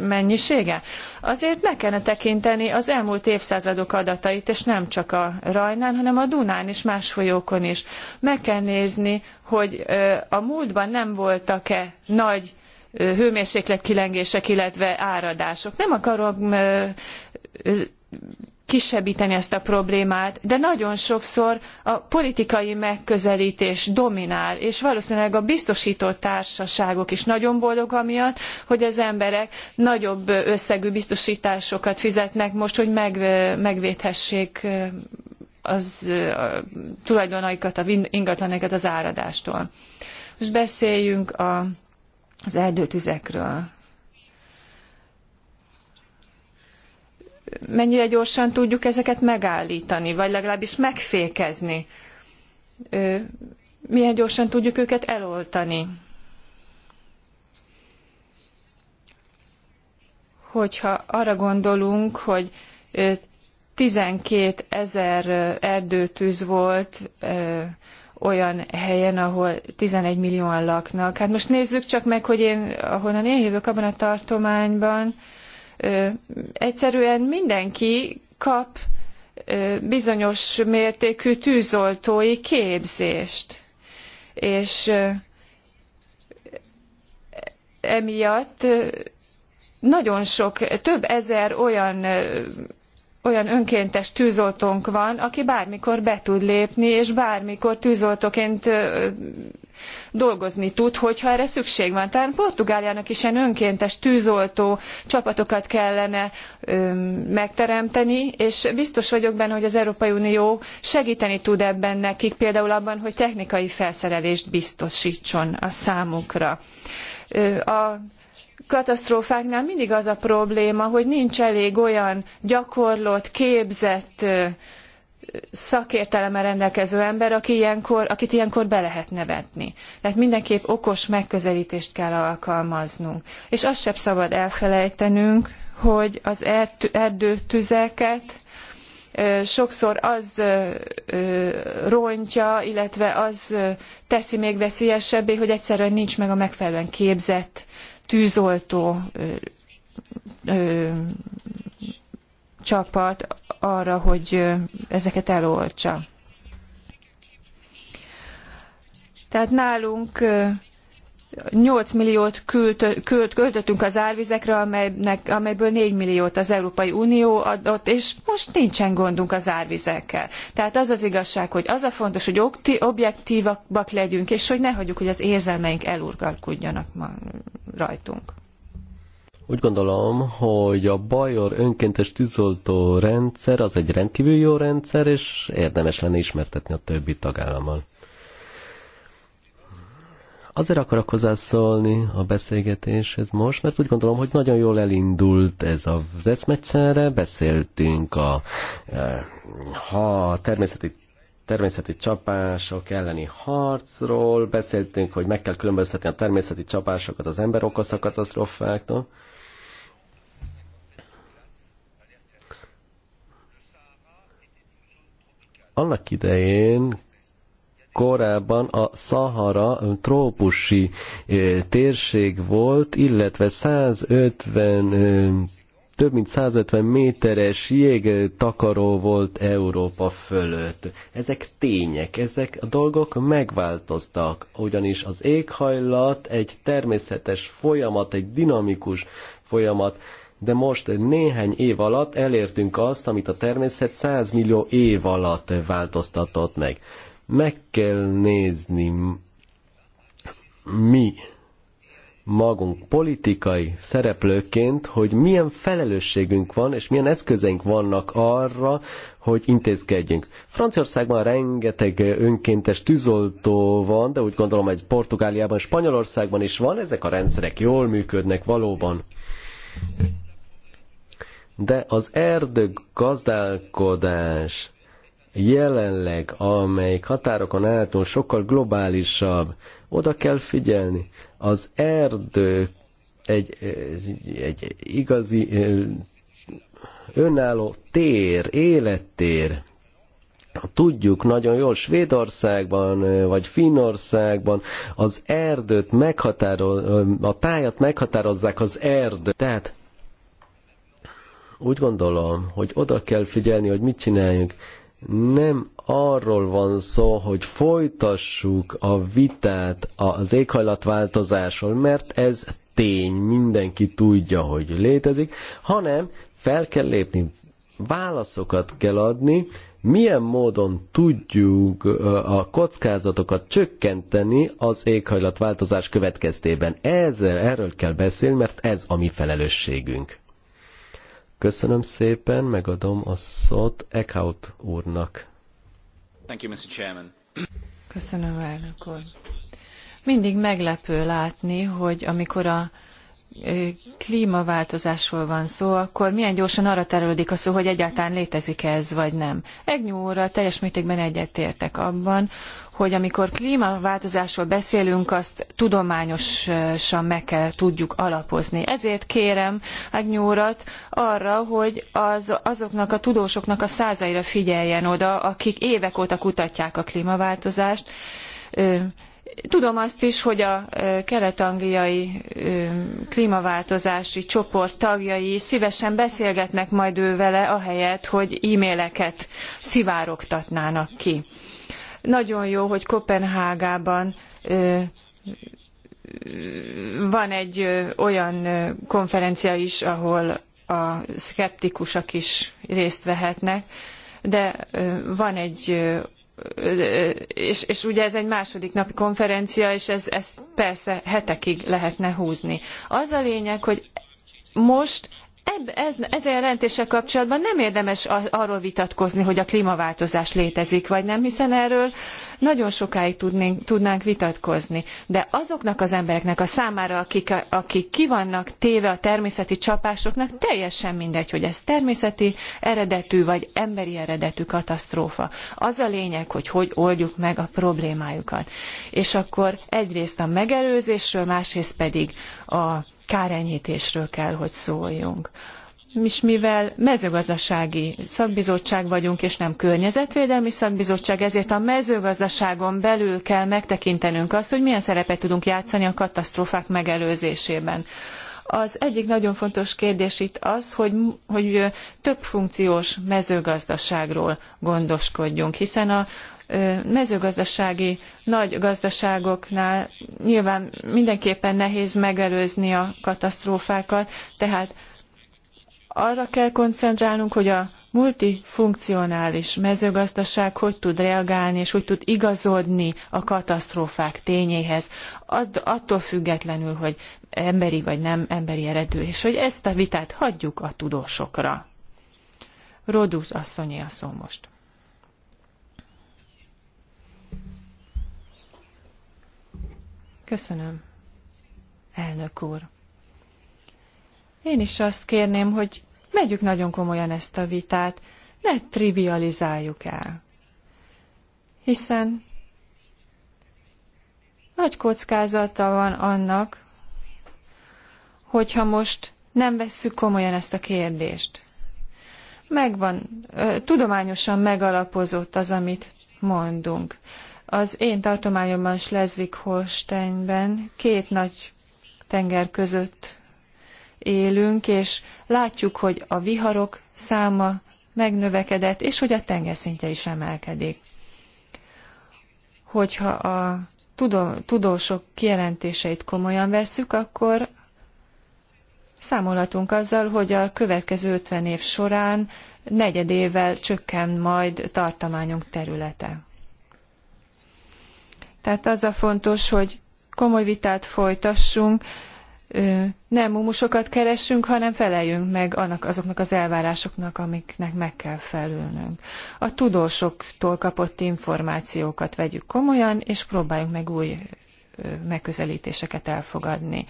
Speaker 2: mennyisége? Azért meg kellene tekinteni az elmúlt évszázadok adatait, és nem csak a Rajnán, hanem a Dunán és más folyókon is. Meg kell nézni, hogy a múltban nem voltak-e nagy hőmérsékletkilengések, illetve áradások. Nem akarom kisebbíteni ezt a problémát, de nagyon sokszor a politikai megközelítés dominál, és valószínűleg a biztosított társaságok is nagyon boldog amiatt, hogy az emberek nagyobb összegű biztosításokat fizetnek most, hogy meg, megvédhessék az a tulajdonaikat, a ingatlanaikat az áradástól. Most beszéljünk a, az erdőtüzekről. mennyire gyorsan tudjuk ezeket megállítani, vagy legalábbis megfékezni. Milyen gyorsan tudjuk őket eloltani. Hogyha arra gondolunk, hogy 12 ezer erdőtűz volt olyan helyen, ahol 11 millióan laknak. Hát most nézzük csak meg, hogy én, ahonnan én jövök abban a tartományban, egyszerűen mindenki kap bizonyos mértékű tűzoltói képzést. És emiatt nagyon sok, több ezer olyan olyan önkéntes tűzoltónk van, aki bármikor be tud lépni, és bármikor tűzoltóként dolgozni tud, hogyha erre szükség van. Tehát Portugáliának is ilyen önkéntes tűzoltó csapatokat kellene ö, megteremteni, és biztos vagyok benne, hogy az Európai Unió segíteni tud ebben nekik, például abban, hogy technikai felszerelést biztosítson a számukra. Ö, a katasztrófáknál mindig az a probléma, hogy nincs elég olyan gyakorlott, képzett, szakértelemmel rendelkező ember, aki ilyenkor, akit ilyenkor be lehet nevetni. Tehát mindenképp okos megközelítést kell alkalmaznunk. És azt sem szabad elfelejtenünk, hogy az erdőtüzeket sokszor az rontja, illetve az teszi még veszélyesebbé, hogy egyszerűen nincs meg a megfelelően képzett tűzoltó ö, csapat arra, hogy ezeket eloltsa. Tehát nálunk 8 milliót küld, küld, költöttünk az árvizekre, amelynek, amelyből 4 milliót az Európai Unió adott, és most nincsen gondunk az árvizekkel. Tehát az az igazság, hogy az a fontos, hogy objektívak legyünk, és hogy ne hagyjuk, hogy az érzelmeink elurgalkodjanak rajtunk.
Speaker 3: Úgy gondolom, hogy a Bajor önkéntes tűzoltó rendszer az egy rendkívül jó rendszer, és érdemes lenne ismertetni a többi tagállammal. Azért akarok hozzászólni a beszélgetéshez most, mert úgy gondolom, hogy nagyon jól elindult ez az eszmecsenre, beszéltünk a, ha eh, természeti természeti csapások elleni harcról, beszéltünk, hogy meg kell különböztetni a természeti csapásokat az ember okozta katasztrofáktól. Annak idején korábban a Szahara trópusi eh, térség volt, illetve 150 eh, több mint 150 méteres jégtakaró eh, volt Európa fölött. Ezek tények, ezek a dolgok megváltoztak, ugyanis az éghajlat egy természetes folyamat, egy dinamikus folyamat, de most néhány év alatt elértünk azt, amit a természet 100 millió év alatt változtatott meg. Meg kell nézni mi magunk politikai szereplőként, hogy milyen felelősségünk van, és milyen eszközeink vannak arra, hogy intézkedjünk. Franciaországban rengeteg önkéntes tűzoltó van, de úgy gondolom, hogy Portugáliában, Spanyolországban is van, ezek a rendszerek jól működnek valóban. De az erdő gazdálkodás jelenleg, amelyik határokon átnyúl, sokkal globálisabb. Oda kell figyelni. Az erdő egy, egy igazi önálló tér, élettér. Tudjuk nagyon jól Svédországban, vagy Finnországban az erdőt meghatároz, a tájat meghatározzák az erdő. Tehát úgy gondolom, hogy oda kell figyelni, hogy mit csináljunk nem arról van szó, hogy folytassuk a vitát az éghajlatváltozásról, mert ez tény, mindenki tudja, hogy létezik, hanem fel kell lépni, válaszokat kell adni, milyen módon tudjuk a kockázatokat csökkenteni az éghajlatváltozás következtében. Ezzel, erről kell beszélni, mert ez a mi felelősségünk. Köszönöm szépen, megadom a szót Eckhout úrnak. Thank you, Mr. Chairman.
Speaker 2: Köszönöm, elnök úr. Mindig meglepő látni, hogy amikor a klímaváltozásról van szó, akkor milyen gyorsan arra terülődik a szó, hogy egyáltalán létezik -e ez, vagy nem. Egnyúra teljes mértékben egyetértek abban, hogy amikor klímaváltozásról beszélünk, azt tudományosan meg kell tudjuk alapozni. Ezért kérem Agnyúrat arra, hogy az, azoknak a tudósoknak a százaira figyeljen oda, akik évek óta kutatják a klímaváltozást, Tudom azt is, hogy a kelet-angliai klímaváltozási csoport tagjai szívesen beszélgetnek majd ő vele, ahelyett, hogy e-maileket szivárogtatnának ki. Nagyon jó, hogy Kopenhágában van egy olyan konferencia is, ahol a szkeptikusok is részt vehetnek, de van egy és, és ugye ez egy második napi konferencia, és ez, ezt persze hetekig lehetne húzni. Az a lényeg, hogy most a jelentéssel kapcsolatban nem érdemes arról vitatkozni, hogy a klímaváltozás létezik, vagy nem, hiszen erről nagyon sokáig tudnénk, tudnánk vitatkozni. De azoknak az embereknek a számára, akik, akik ki vannak téve a természeti csapásoknak, teljesen mindegy, hogy ez természeti eredetű, vagy emberi eredetű katasztrófa. Az a lényeg, hogy hogy oldjuk meg a problémájukat. És akkor egyrészt a megelőzésről, másrészt pedig a kárenyhítésről kell, hogy szóljunk. És mivel mezőgazdasági szakbizottság vagyunk, és nem környezetvédelmi szakbizottság, ezért a mezőgazdaságon belül kell megtekintenünk azt, hogy milyen szerepet tudunk játszani a katasztrófák megelőzésében. Az egyik nagyon fontos kérdés itt az, hogy, hogy több funkciós mezőgazdaságról gondoskodjunk, hiszen a mezőgazdasági nagy gazdaságoknál nyilván mindenképpen nehéz megelőzni a katasztrófákat, tehát arra kell koncentrálnunk, hogy a multifunkcionális mezőgazdaság hogy tud reagálni és hogy tud igazodni a katasztrófák tényéhez, attól függetlenül, hogy emberi vagy nem emberi eredő, és hogy ezt a vitát hagyjuk a tudósokra. Rodus asszonyé a szó most. Köszönöm. Elnök úr. Én is azt kérném, hogy megyük nagyon komolyan ezt a vitát, ne trivializáljuk el. Hiszen nagy kockázata van annak, hogyha most nem vesszük komolyan ezt a kérdést. Megvan, tudományosan megalapozott az, amit mondunk. Az én tartományomban, Schleswig-Holsteinben két nagy tenger között élünk, és látjuk, hogy a viharok száma megnövekedett, és hogy a tengerszintje is emelkedik. Hogyha a tudósok kijelentéseit komolyan vesszük, akkor számolhatunk azzal, hogy a következő 50 év során negyedével csökken majd tartományunk területe. Tehát az a fontos, hogy komoly vitát folytassunk, nem mumusokat keressünk, hanem feleljünk meg annak, azoknak az elvárásoknak, amiknek meg kell felülnünk. A tudósoktól kapott információkat vegyük komolyan, és próbáljunk meg új megközelítéseket elfogadni.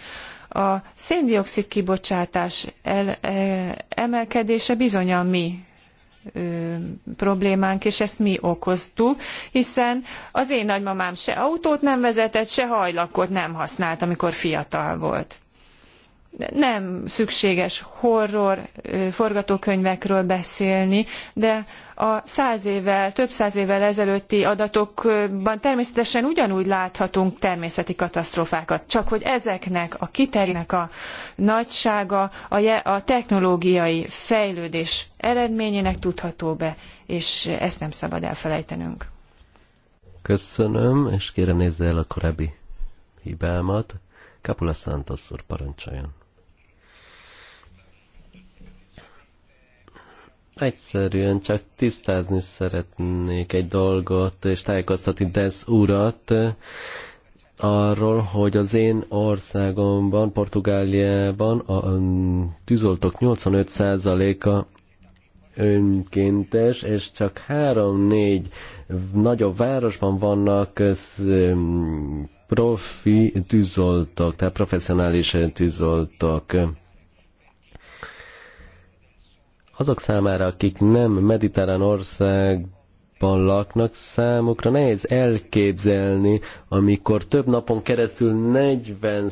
Speaker 2: A széndiokszid kibocsátás el, e, emelkedése bizony a mi problémánk, és ezt mi okoztuk, hiszen az én nagymamám se autót nem vezetett, se hajlakot nem használt, amikor fiatal volt nem szükséges horror forgatókönyvekről beszélni, de a száz évvel, több száz évvel ezelőtti adatokban természetesen ugyanúgy láthatunk természeti katasztrófákat, csak hogy ezeknek a kiterjének a nagysága a, technológiai fejlődés eredményének tudható be, és ezt nem szabad elfelejtenünk.
Speaker 3: Köszönöm, és kérem nézze el a korábbi hibámat. Capula Santos úr parancsoljon. Egyszerűen csak tisztázni szeretnék egy dolgot, és tájékoztatni Desz urat eh, arról, hogy az én országomban, Portugáliában a mm, tűzoltók 85%-a önkéntes, és csak 3-4 nagyobb városban vannak eh, eh, profi tűzoltók, tehát professzionális tűzoltók azok számára, akik nem mediterrán országban laknak, számukra nehéz elképzelni, amikor több napon keresztül 40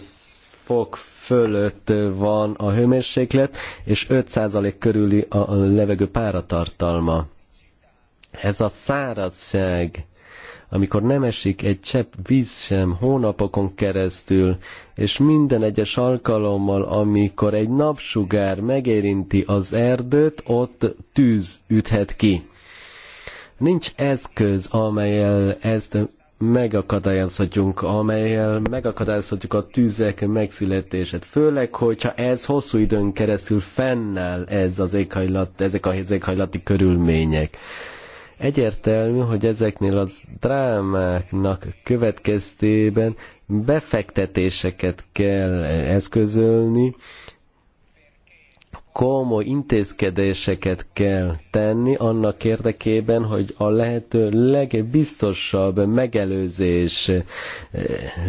Speaker 3: fok fölött van a hőmérséklet, és 5% körüli a levegő páratartalma. Ez a szárazság amikor nem esik egy csepp víz sem hónapokon keresztül, és minden egyes alkalommal, amikor egy napsugár megérinti az erdőt, ott tűz üthet ki. Nincs eszköz, amelyel ezt megakadályozhatjunk, amelyel megakadályozhatjuk a tűzek megszületését. Főleg, hogyha ez hosszú időn keresztül fennáll ez az éghajlat, ezek a éghajlati körülmények. Egyértelmű, hogy ezeknél az drámáknak következtében befektetéseket kell eszközölni, komoly intézkedéseket kell tenni annak érdekében, hogy a lehető legbiztosabb megelőzés eh,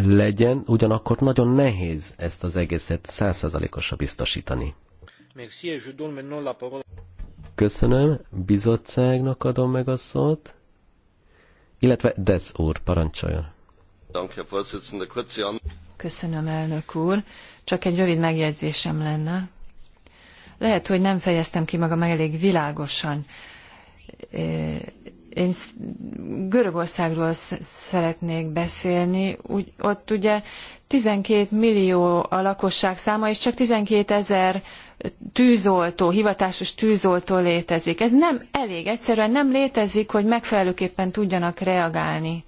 Speaker 3: legyen, ugyanakkor nagyon nehéz ezt az egészet százszázalékosra biztosítani. Köszönöm, bizottságnak adom meg a szót, illetve Desz úr, parancsoljon.
Speaker 2: Köszönöm, elnök úr. Csak egy rövid megjegyzésem lenne. Lehet, hogy nem fejeztem ki magam elég világosan. Én Görögországról szeretnék beszélni. Úgy, ott ugye 12 millió a lakosság száma, és csak 12 ezer tűzoltó, hivatásos tűzoltó létezik. Ez nem elég, egyszerűen nem létezik, hogy megfelelőképpen tudjanak reagálni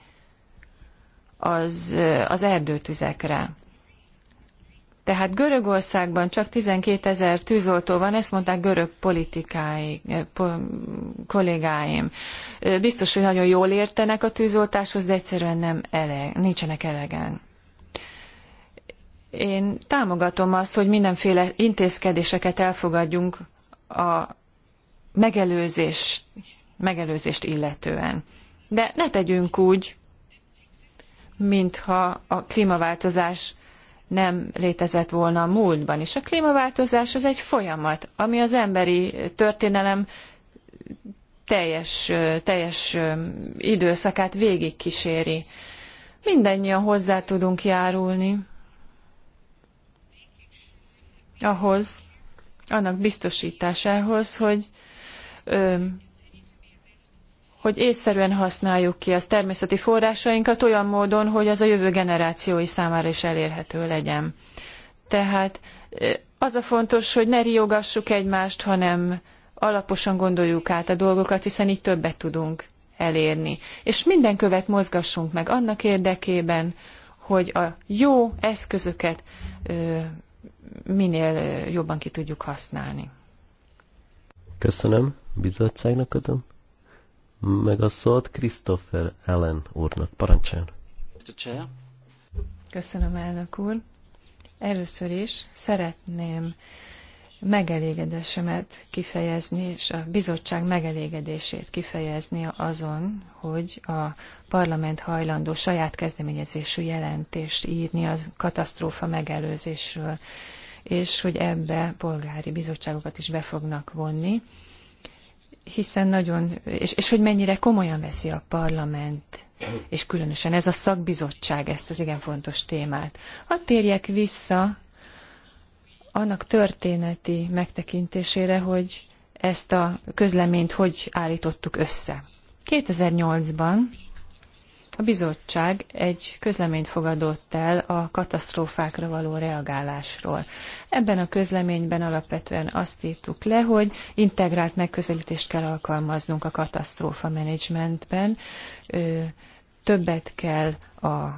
Speaker 2: az, az erdőtüzekre. Tehát Görögországban csak 12 ezer tűzoltó van, ezt mondták görög politikái, eh, po, kollégáim. Eh, biztos, hogy nagyon jól értenek a tűzoltáshoz, de egyszerűen nem ele, nincsenek elegen. Én támogatom azt, hogy mindenféle intézkedéseket elfogadjunk a megelőzés, megelőzést illetően. De ne tegyünk úgy, mintha a klímaváltozás nem létezett volna a múltban is. A klímaváltozás az egy folyamat, ami az emberi történelem teljes, teljes időszakát végigkíséri. Mindennyian hozzá tudunk járulni ahhoz, annak biztosításához, hogy hogy észszerűen használjuk ki az természeti forrásainkat olyan módon, hogy az a jövő generációi számára is elérhető legyen. Tehát az a fontos, hogy ne riogassuk egymást, hanem alaposan gondoljuk át a dolgokat, hiszen így többet tudunk elérni. És minden követ mozgassunk meg annak érdekében, hogy a jó eszközöket minél jobban ki tudjuk használni.
Speaker 3: Köszönöm, bizottságnak adom. Meg a szót Christopher Allen úrnak. parancsán.
Speaker 2: Köszönöm, elnök úr. Először is szeretném megelégedésemet kifejezni, és a bizottság megelégedését kifejezni azon, hogy a parlament hajlandó saját kezdeményezésű jelentést írni a katasztrófa megelőzésről és hogy ebbe polgári bizottságokat is be fognak vonni, hiszen nagyon, és, és hogy mennyire komolyan veszi a parlament, és különösen ez a szakbizottság ezt az igen fontos témát. Hadd térjek vissza annak történeti megtekintésére, hogy ezt a közleményt hogy állítottuk össze. 2008-ban a bizottság egy közleményt fogadott el a katasztrófákra való reagálásról. Ebben a közleményben alapvetően azt írtuk le, hogy integrált megközelítést kell alkalmaznunk a katasztrófa menedzsmentben, többet kell a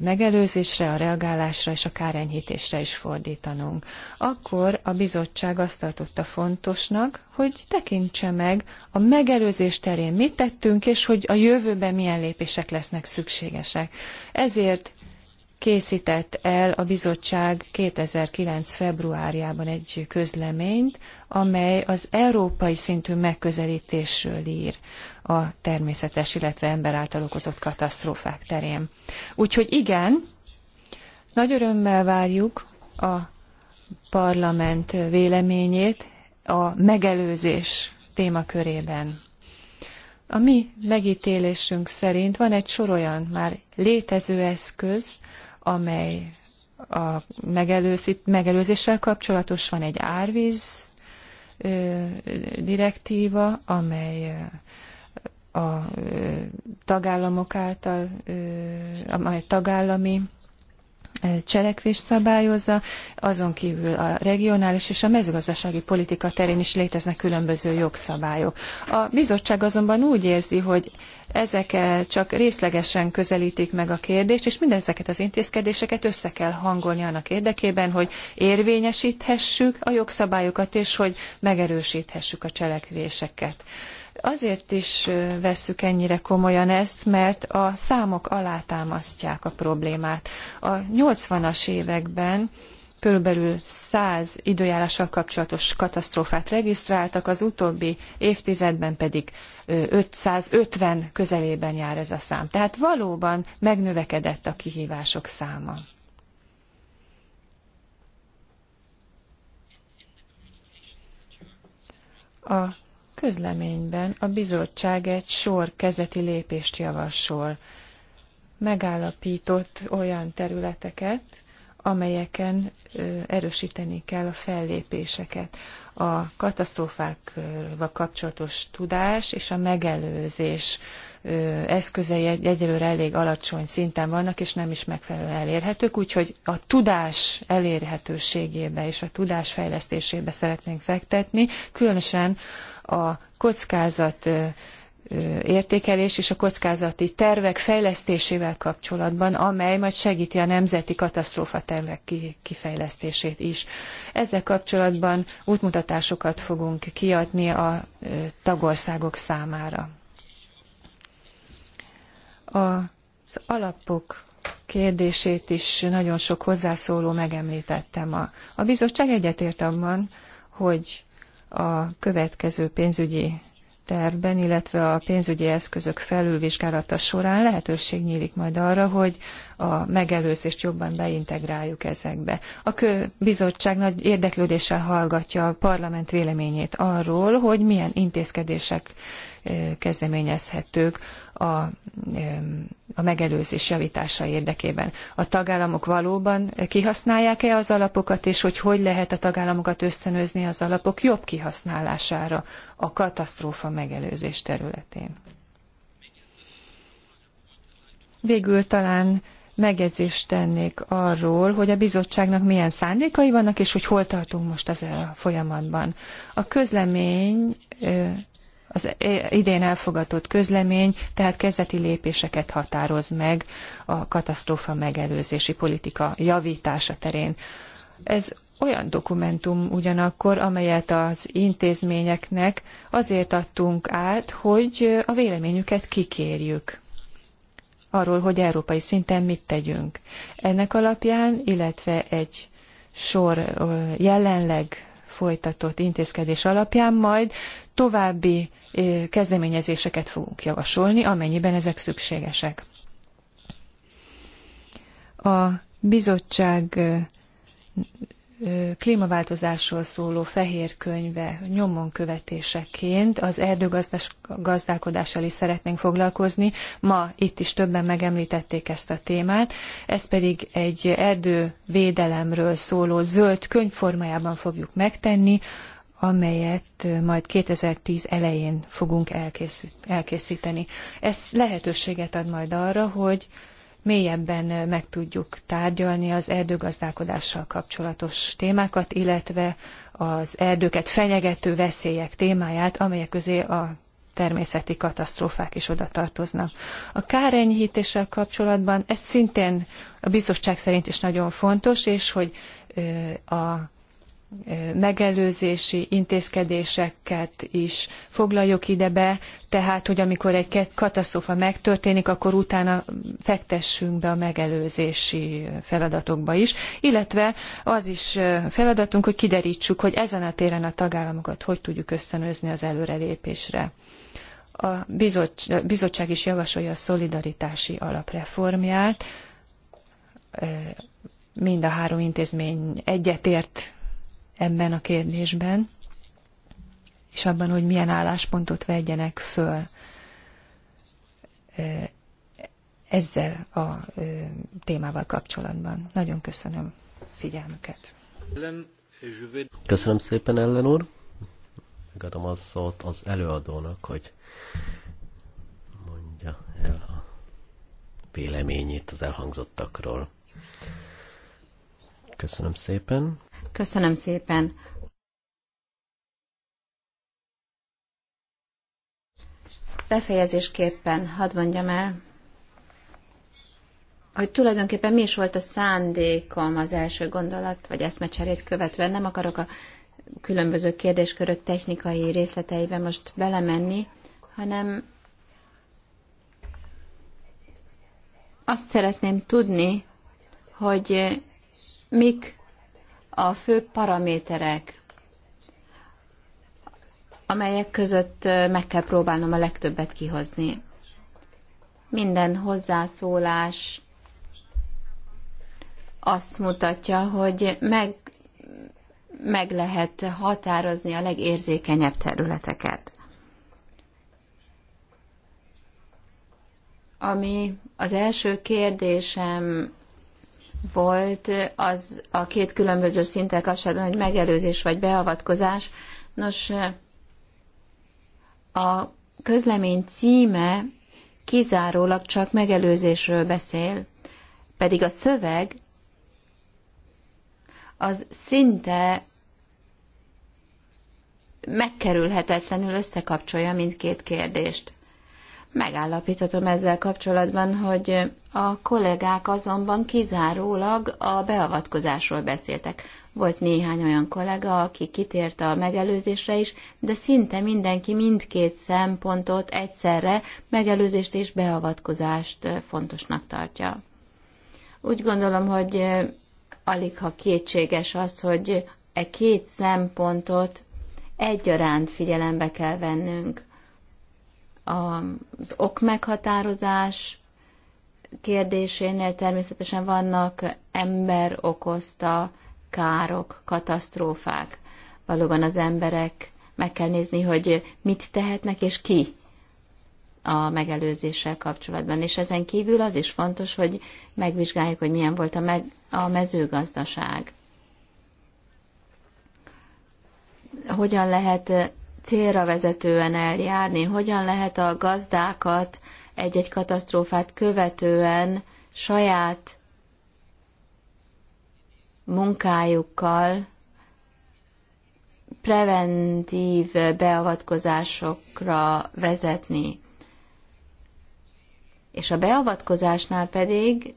Speaker 2: megelőzésre, a reagálásra és a kárenyhítésre is fordítanunk. Akkor a bizottság azt tartotta fontosnak, hogy tekintse meg a megelőzés terén mit tettünk, és hogy a jövőben milyen lépések lesznek szükségesek. Ezért készített el a bizottság 2009. februárjában egy közleményt, amely az európai szintű megközelítésről ír a természetes, illetve ember által okozott katasztrófák terén. Úgyhogy igen, nagy örömmel várjuk a parlament véleményét a megelőzés témakörében. A mi megítélésünk szerint van egy sor olyan már létező eszköz, amely a megelőzéssel kapcsolatos, van egy árvíz direktíva, amely a tagállamok által, amely tagállami cselekvés szabályozza, azon kívül a regionális és a mezőgazdasági politika terén is léteznek különböző jogszabályok. A bizottság azonban úgy érzi, hogy ezek csak részlegesen közelítik meg a kérdést, és mindezeket az intézkedéseket össze kell hangolni annak érdekében, hogy érvényesíthessük a jogszabályokat, és hogy megerősíthessük a cselekvéseket. Azért is vesszük ennyire komolyan ezt, mert a számok alátámasztják a problémát. A 80-as években körülbelül 100 időjárással kapcsolatos katasztrófát regisztráltak, az utóbbi évtizedben pedig 550 közelében jár ez a szám. Tehát valóban megnövekedett a kihívások száma. A közleményben a bizottság egy sor kezeti lépést javasol. Megállapított olyan területeket, amelyeken erősíteni kell a fellépéseket. A katasztrófákkal kapcsolatos tudás és a megelőzés eszközei egy, egyelőre elég alacsony szinten vannak, és nem is megfelelően elérhetők, úgyhogy a tudás elérhetőségébe és a tudás fejlesztésébe szeretnénk fektetni, különösen a kockázat értékelés és a kockázati tervek fejlesztésével kapcsolatban, amely majd segíti a nemzeti katasztrófa tervek kifejlesztését is. Ezzel kapcsolatban útmutatásokat fogunk kiadni a tagországok számára. Az alapok kérdését is nagyon sok hozzászóló megemlítettem. A, a bizottság egyetért abban, hogy a következő pénzügyi tervben, illetve a pénzügyi eszközök felülvizsgálata során lehetőség nyílik majd arra, hogy a megelőzést jobban beintegráljuk ezekbe. A kő bizottság nagy érdeklődéssel hallgatja a parlament véleményét arról, hogy milyen intézkedések kezdeményezhetők a, a megelőzés javítása érdekében. A tagállamok valóban kihasználják-e az alapokat, és hogy hogy lehet a tagállamokat ösztönözni az alapok jobb kihasználására a katasztrófa megelőzés területén? Végül talán megjegyzést tennék arról, hogy a bizottságnak milyen szándékai vannak, és hogy hol tartunk most ezzel a folyamatban. A közlemény az e, idén elfogadott közlemény tehát kezdeti lépéseket határoz meg a katasztrófa megelőzési politika javítása terén. Ez olyan dokumentum ugyanakkor, amelyet az intézményeknek azért adtunk át, hogy a véleményüket kikérjük arról, hogy európai szinten mit tegyünk. Ennek alapján, illetve egy sor jelenleg folytatott intézkedés alapján majd további kezdeményezéseket fogunk javasolni, amennyiben ezek szükségesek. A bizottság klímaváltozásról szóló fehér könyve nyomon követéseként az erdőgazdálkodással is szeretnénk foglalkozni. Ma itt is többen megemlítették ezt a témát. Ez pedig egy erdővédelemről szóló zöld könyv formájában fogjuk megtenni, amelyet majd 2010 elején fogunk elkészíteni. Ez lehetőséget ad majd arra, hogy mélyebben meg tudjuk tárgyalni az erdőgazdálkodással kapcsolatos témákat, illetve az erdőket fenyegető veszélyek témáját, amelyek közé a természeti katasztrófák is oda tartoznak. A kárenyhítéssel kapcsolatban ez szintén a bizottság szerint is nagyon fontos, és hogy a megelőzési intézkedéseket is foglaljuk ide be, tehát, hogy amikor egy katasztrófa megtörténik, akkor utána fektessünk be a megelőzési feladatokba is, illetve az is feladatunk, hogy kiderítsük, hogy ezen a téren a tagállamokat hogy tudjuk ösztönözni az előrelépésre. A bizottság is javasolja a szolidaritási alapreformját, mind a három intézmény egyetért ebben a kérdésben, és abban, hogy milyen álláspontot vegyenek föl ezzel a témával kapcsolatban. Nagyon köszönöm figyelmüket.
Speaker 3: Köszönöm szépen, Ellen úr. Megadom az szót az előadónak, hogy mondja el a véleményét az elhangzottakról. Köszönöm szépen.
Speaker 1: Köszönöm szépen. Befejezésképpen hadd mondjam el, hogy tulajdonképpen mi is volt a szándékom az első gondolat, vagy eszmecserét követve Nem akarok a különböző kérdéskörök technikai részleteibe most belemenni, hanem azt szeretném tudni, hogy mik a fő paraméterek, amelyek között meg kell próbálnom a legtöbbet kihozni. Minden hozzászólás azt mutatja, hogy meg, meg lehet határozni a legérzékenyebb területeket. Ami az első kérdésem volt az a két különböző szinten kapcsolatban, hogy megelőzés vagy beavatkozás. Nos, a közlemény címe kizárólag csak megelőzésről beszél, pedig a szöveg az szinte megkerülhetetlenül összekapcsolja mindkét kérdést. Megállapíthatom ezzel kapcsolatban, hogy a kollégák azonban kizárólag a beavatkozásról beszéltek. Volt néhány olyan kollega, aki kitért a megelőzésre is, de szinte mindenki mindkét szempontot egyszerre, megelőzést és beavatkozást fontosnak tartja. Úgy gondolom, hogy alig ha kétséges az, hogy e két szempontot egyaránt figyelembe kell vennünk az ok meghatározás kérdésénél természetesen vannak ember okozta károk, katasztrófák. Valóban az emberek meg kell nézni, hogy mit tehetnek és ki a megelőzéssel kapcsolatban. És ezen kívül az is fontos, hogy megvizsgáljuk, hogy milyen volt a, meg, a mezőgazdaság. Hogyan lehet célra vezetően eljárni, hogyan lehet a gazdákat egy-egy katasztrófát követően saját munkájukkal preventív beavatkozásokra vezetni. És a beavatkozásnál pedig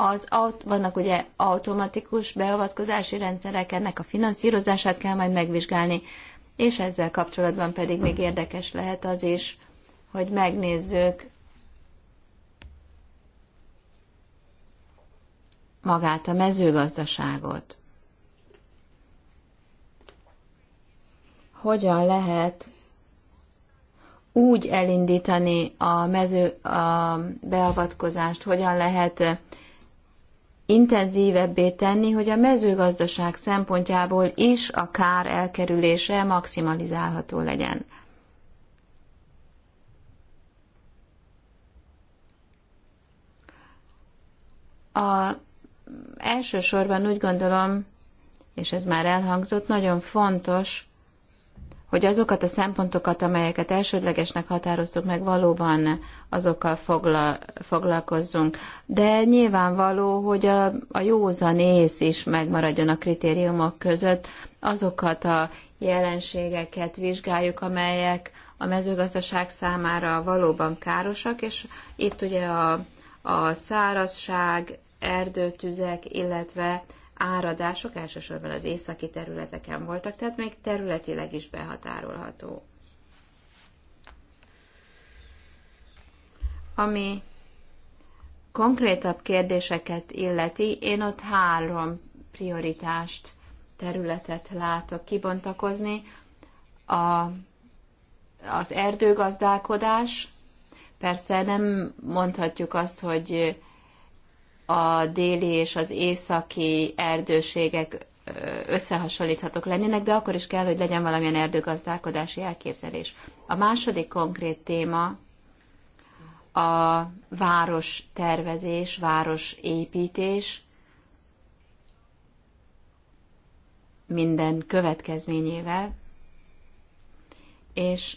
Speaker 1: az, vannak ugye automatikus beavatkozási rendszerek, ennek a finanszírozását kell majd megvizsgálni, és ezzel kapcsolatban pedig még érdekes lehet az is, hogy megnézzük magát a mezőgazdaságot. Hogyan lehet úgy elindítani a mező a beavatkozást, hogyan lehet intenzívebbé tenni, hogy a mezőgazdaság szempontjából is a kár elkerülése maximalizálható legyen. A elsősorban úgy gondolom, és ez már elhangzott, nagyon fontos, hogy azokat a szempontokat, amelyeket elsődlegesnek határoztuk meg, valóban azokkal fogla, foglalkozzunk. De nyilvánvaló, hogy a, a józan ész is megmaradjon a kritériumok között, azokat a jelenségeket vizsgáljuk, amelyek a mezőgazdaság számára valóban károsak, és itt ugye a, a szárazság, erdőtüzek, illetve áradások elsősorban az északi területeken voltak, tehát még területileg is behatárolható. Ami konkrétabb kérdéseket illeti, én ott három prioritást, területet látok kibontakozni. A, az erdőgazdálkodás, persze nem mondhatjuk azt, hogy a déli és az északi erdőségek összehasonlíthatók lennének, de akkor is kell, hogy legyen valamilyen erdőgazdálkodási elképzelés. A második konkrét téma a város tervezés, város építés minden következményével, és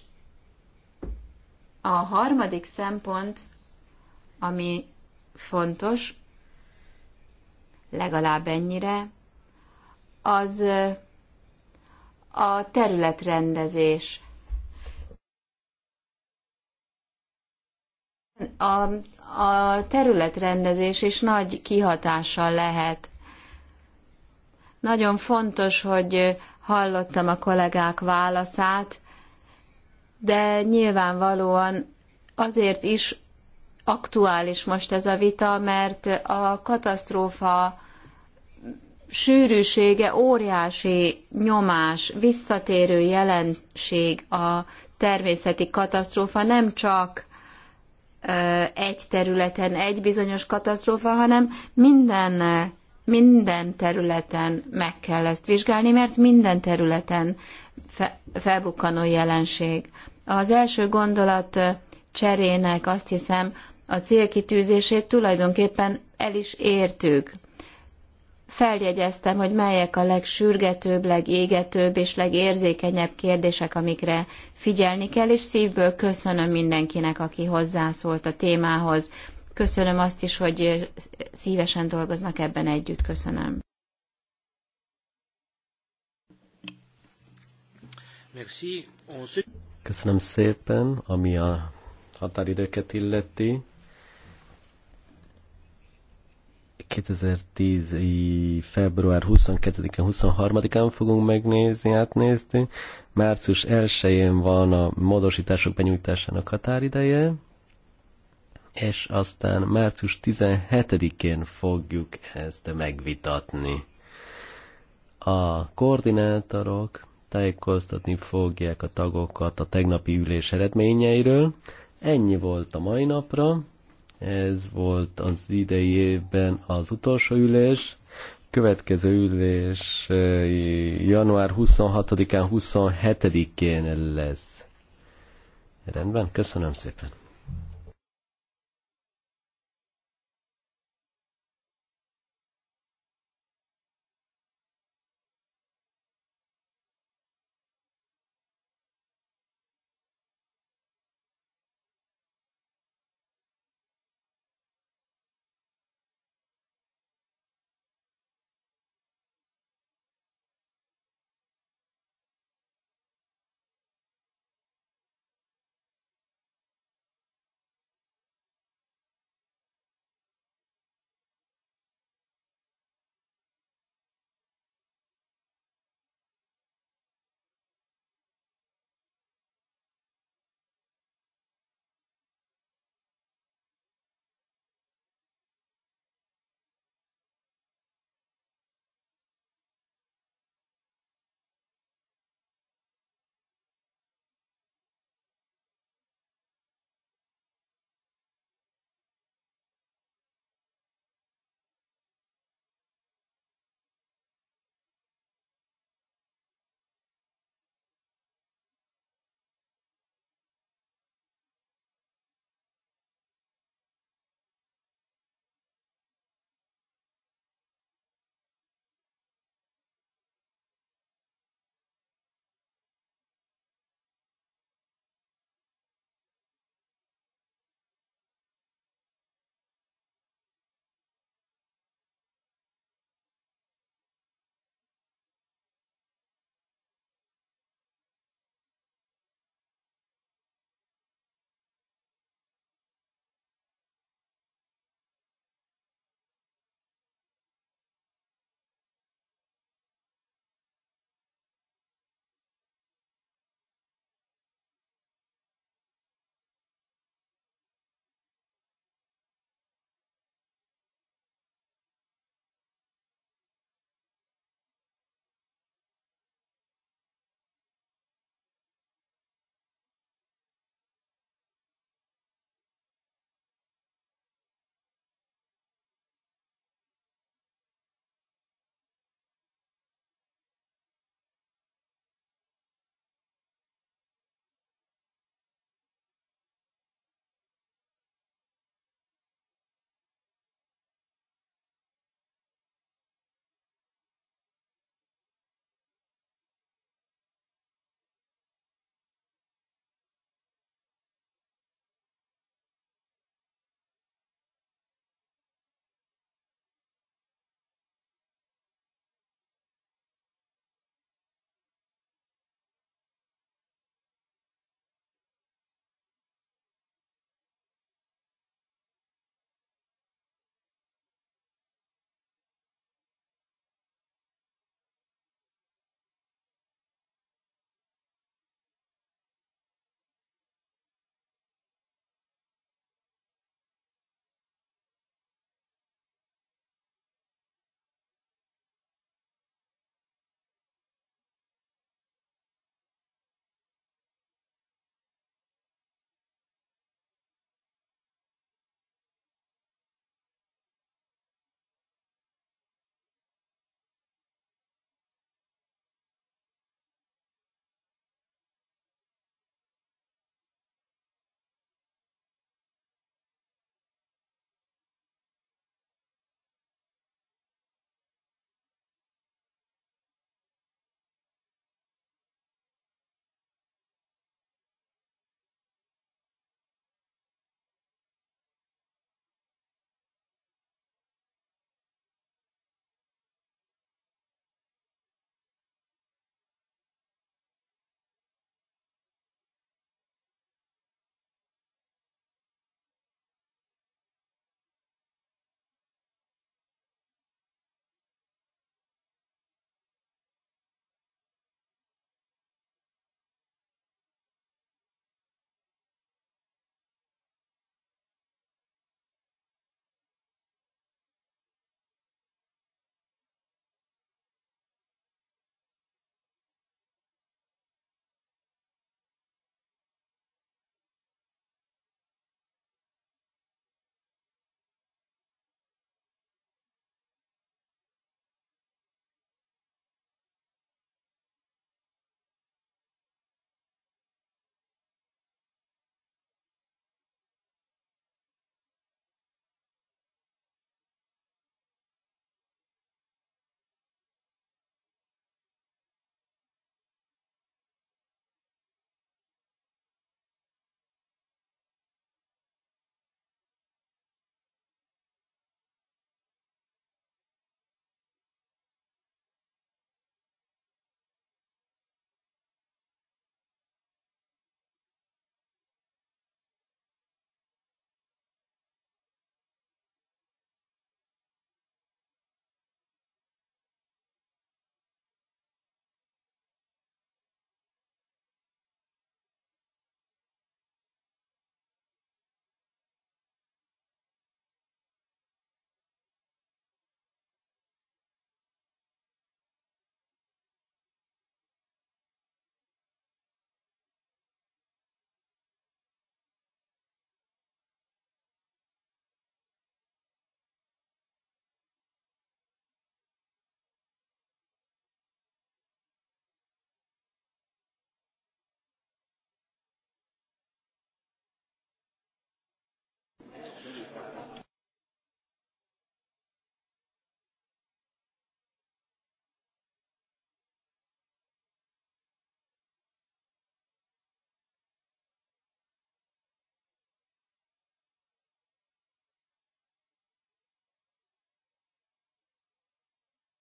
Speaker 1: a harmadik szempont, ami fontos, legalább ennyire, az a területrendezés, a, a területrendezés is nagy kihatással lehet. Nagyon fontos, hogy hallottam a kollégák válaszát, de nyilvánvalóan azért is aktuális most ez a vita, mert a katasztrófa sűrűsége óriási nyomás, visszatérő jelenség a természeti katasztrófa nem csak egy területen egy bizonyos katasztrófa, hanem minden, minden területen meg kell ezt vizsgálni, mert minden területen fe, felbukkanó jelenség. Az első gondolat cserének azt hiszem a célkitűzését tulajdonképpen el is értük feljegyeztem, hogy melyek a legsürgetőbb, legégetőbb és legérzékenyebb kérdések, amikre figyelni kell, és szívből köszönöm mindenkinek, aki hozzászólt a témához. Köszönöm azt is, hogy szívesen dolgoznak ebben együtt. Köszönöm.
Speaker 3: Köszönöm szépen, ami a határidőket illeti. 2010. február 22-én, 23-án fogunk megnézni, átnézni. Március 1-én van a módosítások benyújtásának határideje, és aztán március 17-én fogjuk ezt megvitatni. A koordinátorok tájékoztatni fogják a tagokat a tegnapi ülés eredményeiről. Ennyi volt a mai napra. Ez volt az idejében az utolsó ülés. Következő ülés eh, január 26-án, 27-én lesz. Rendben, köszönöm szépen.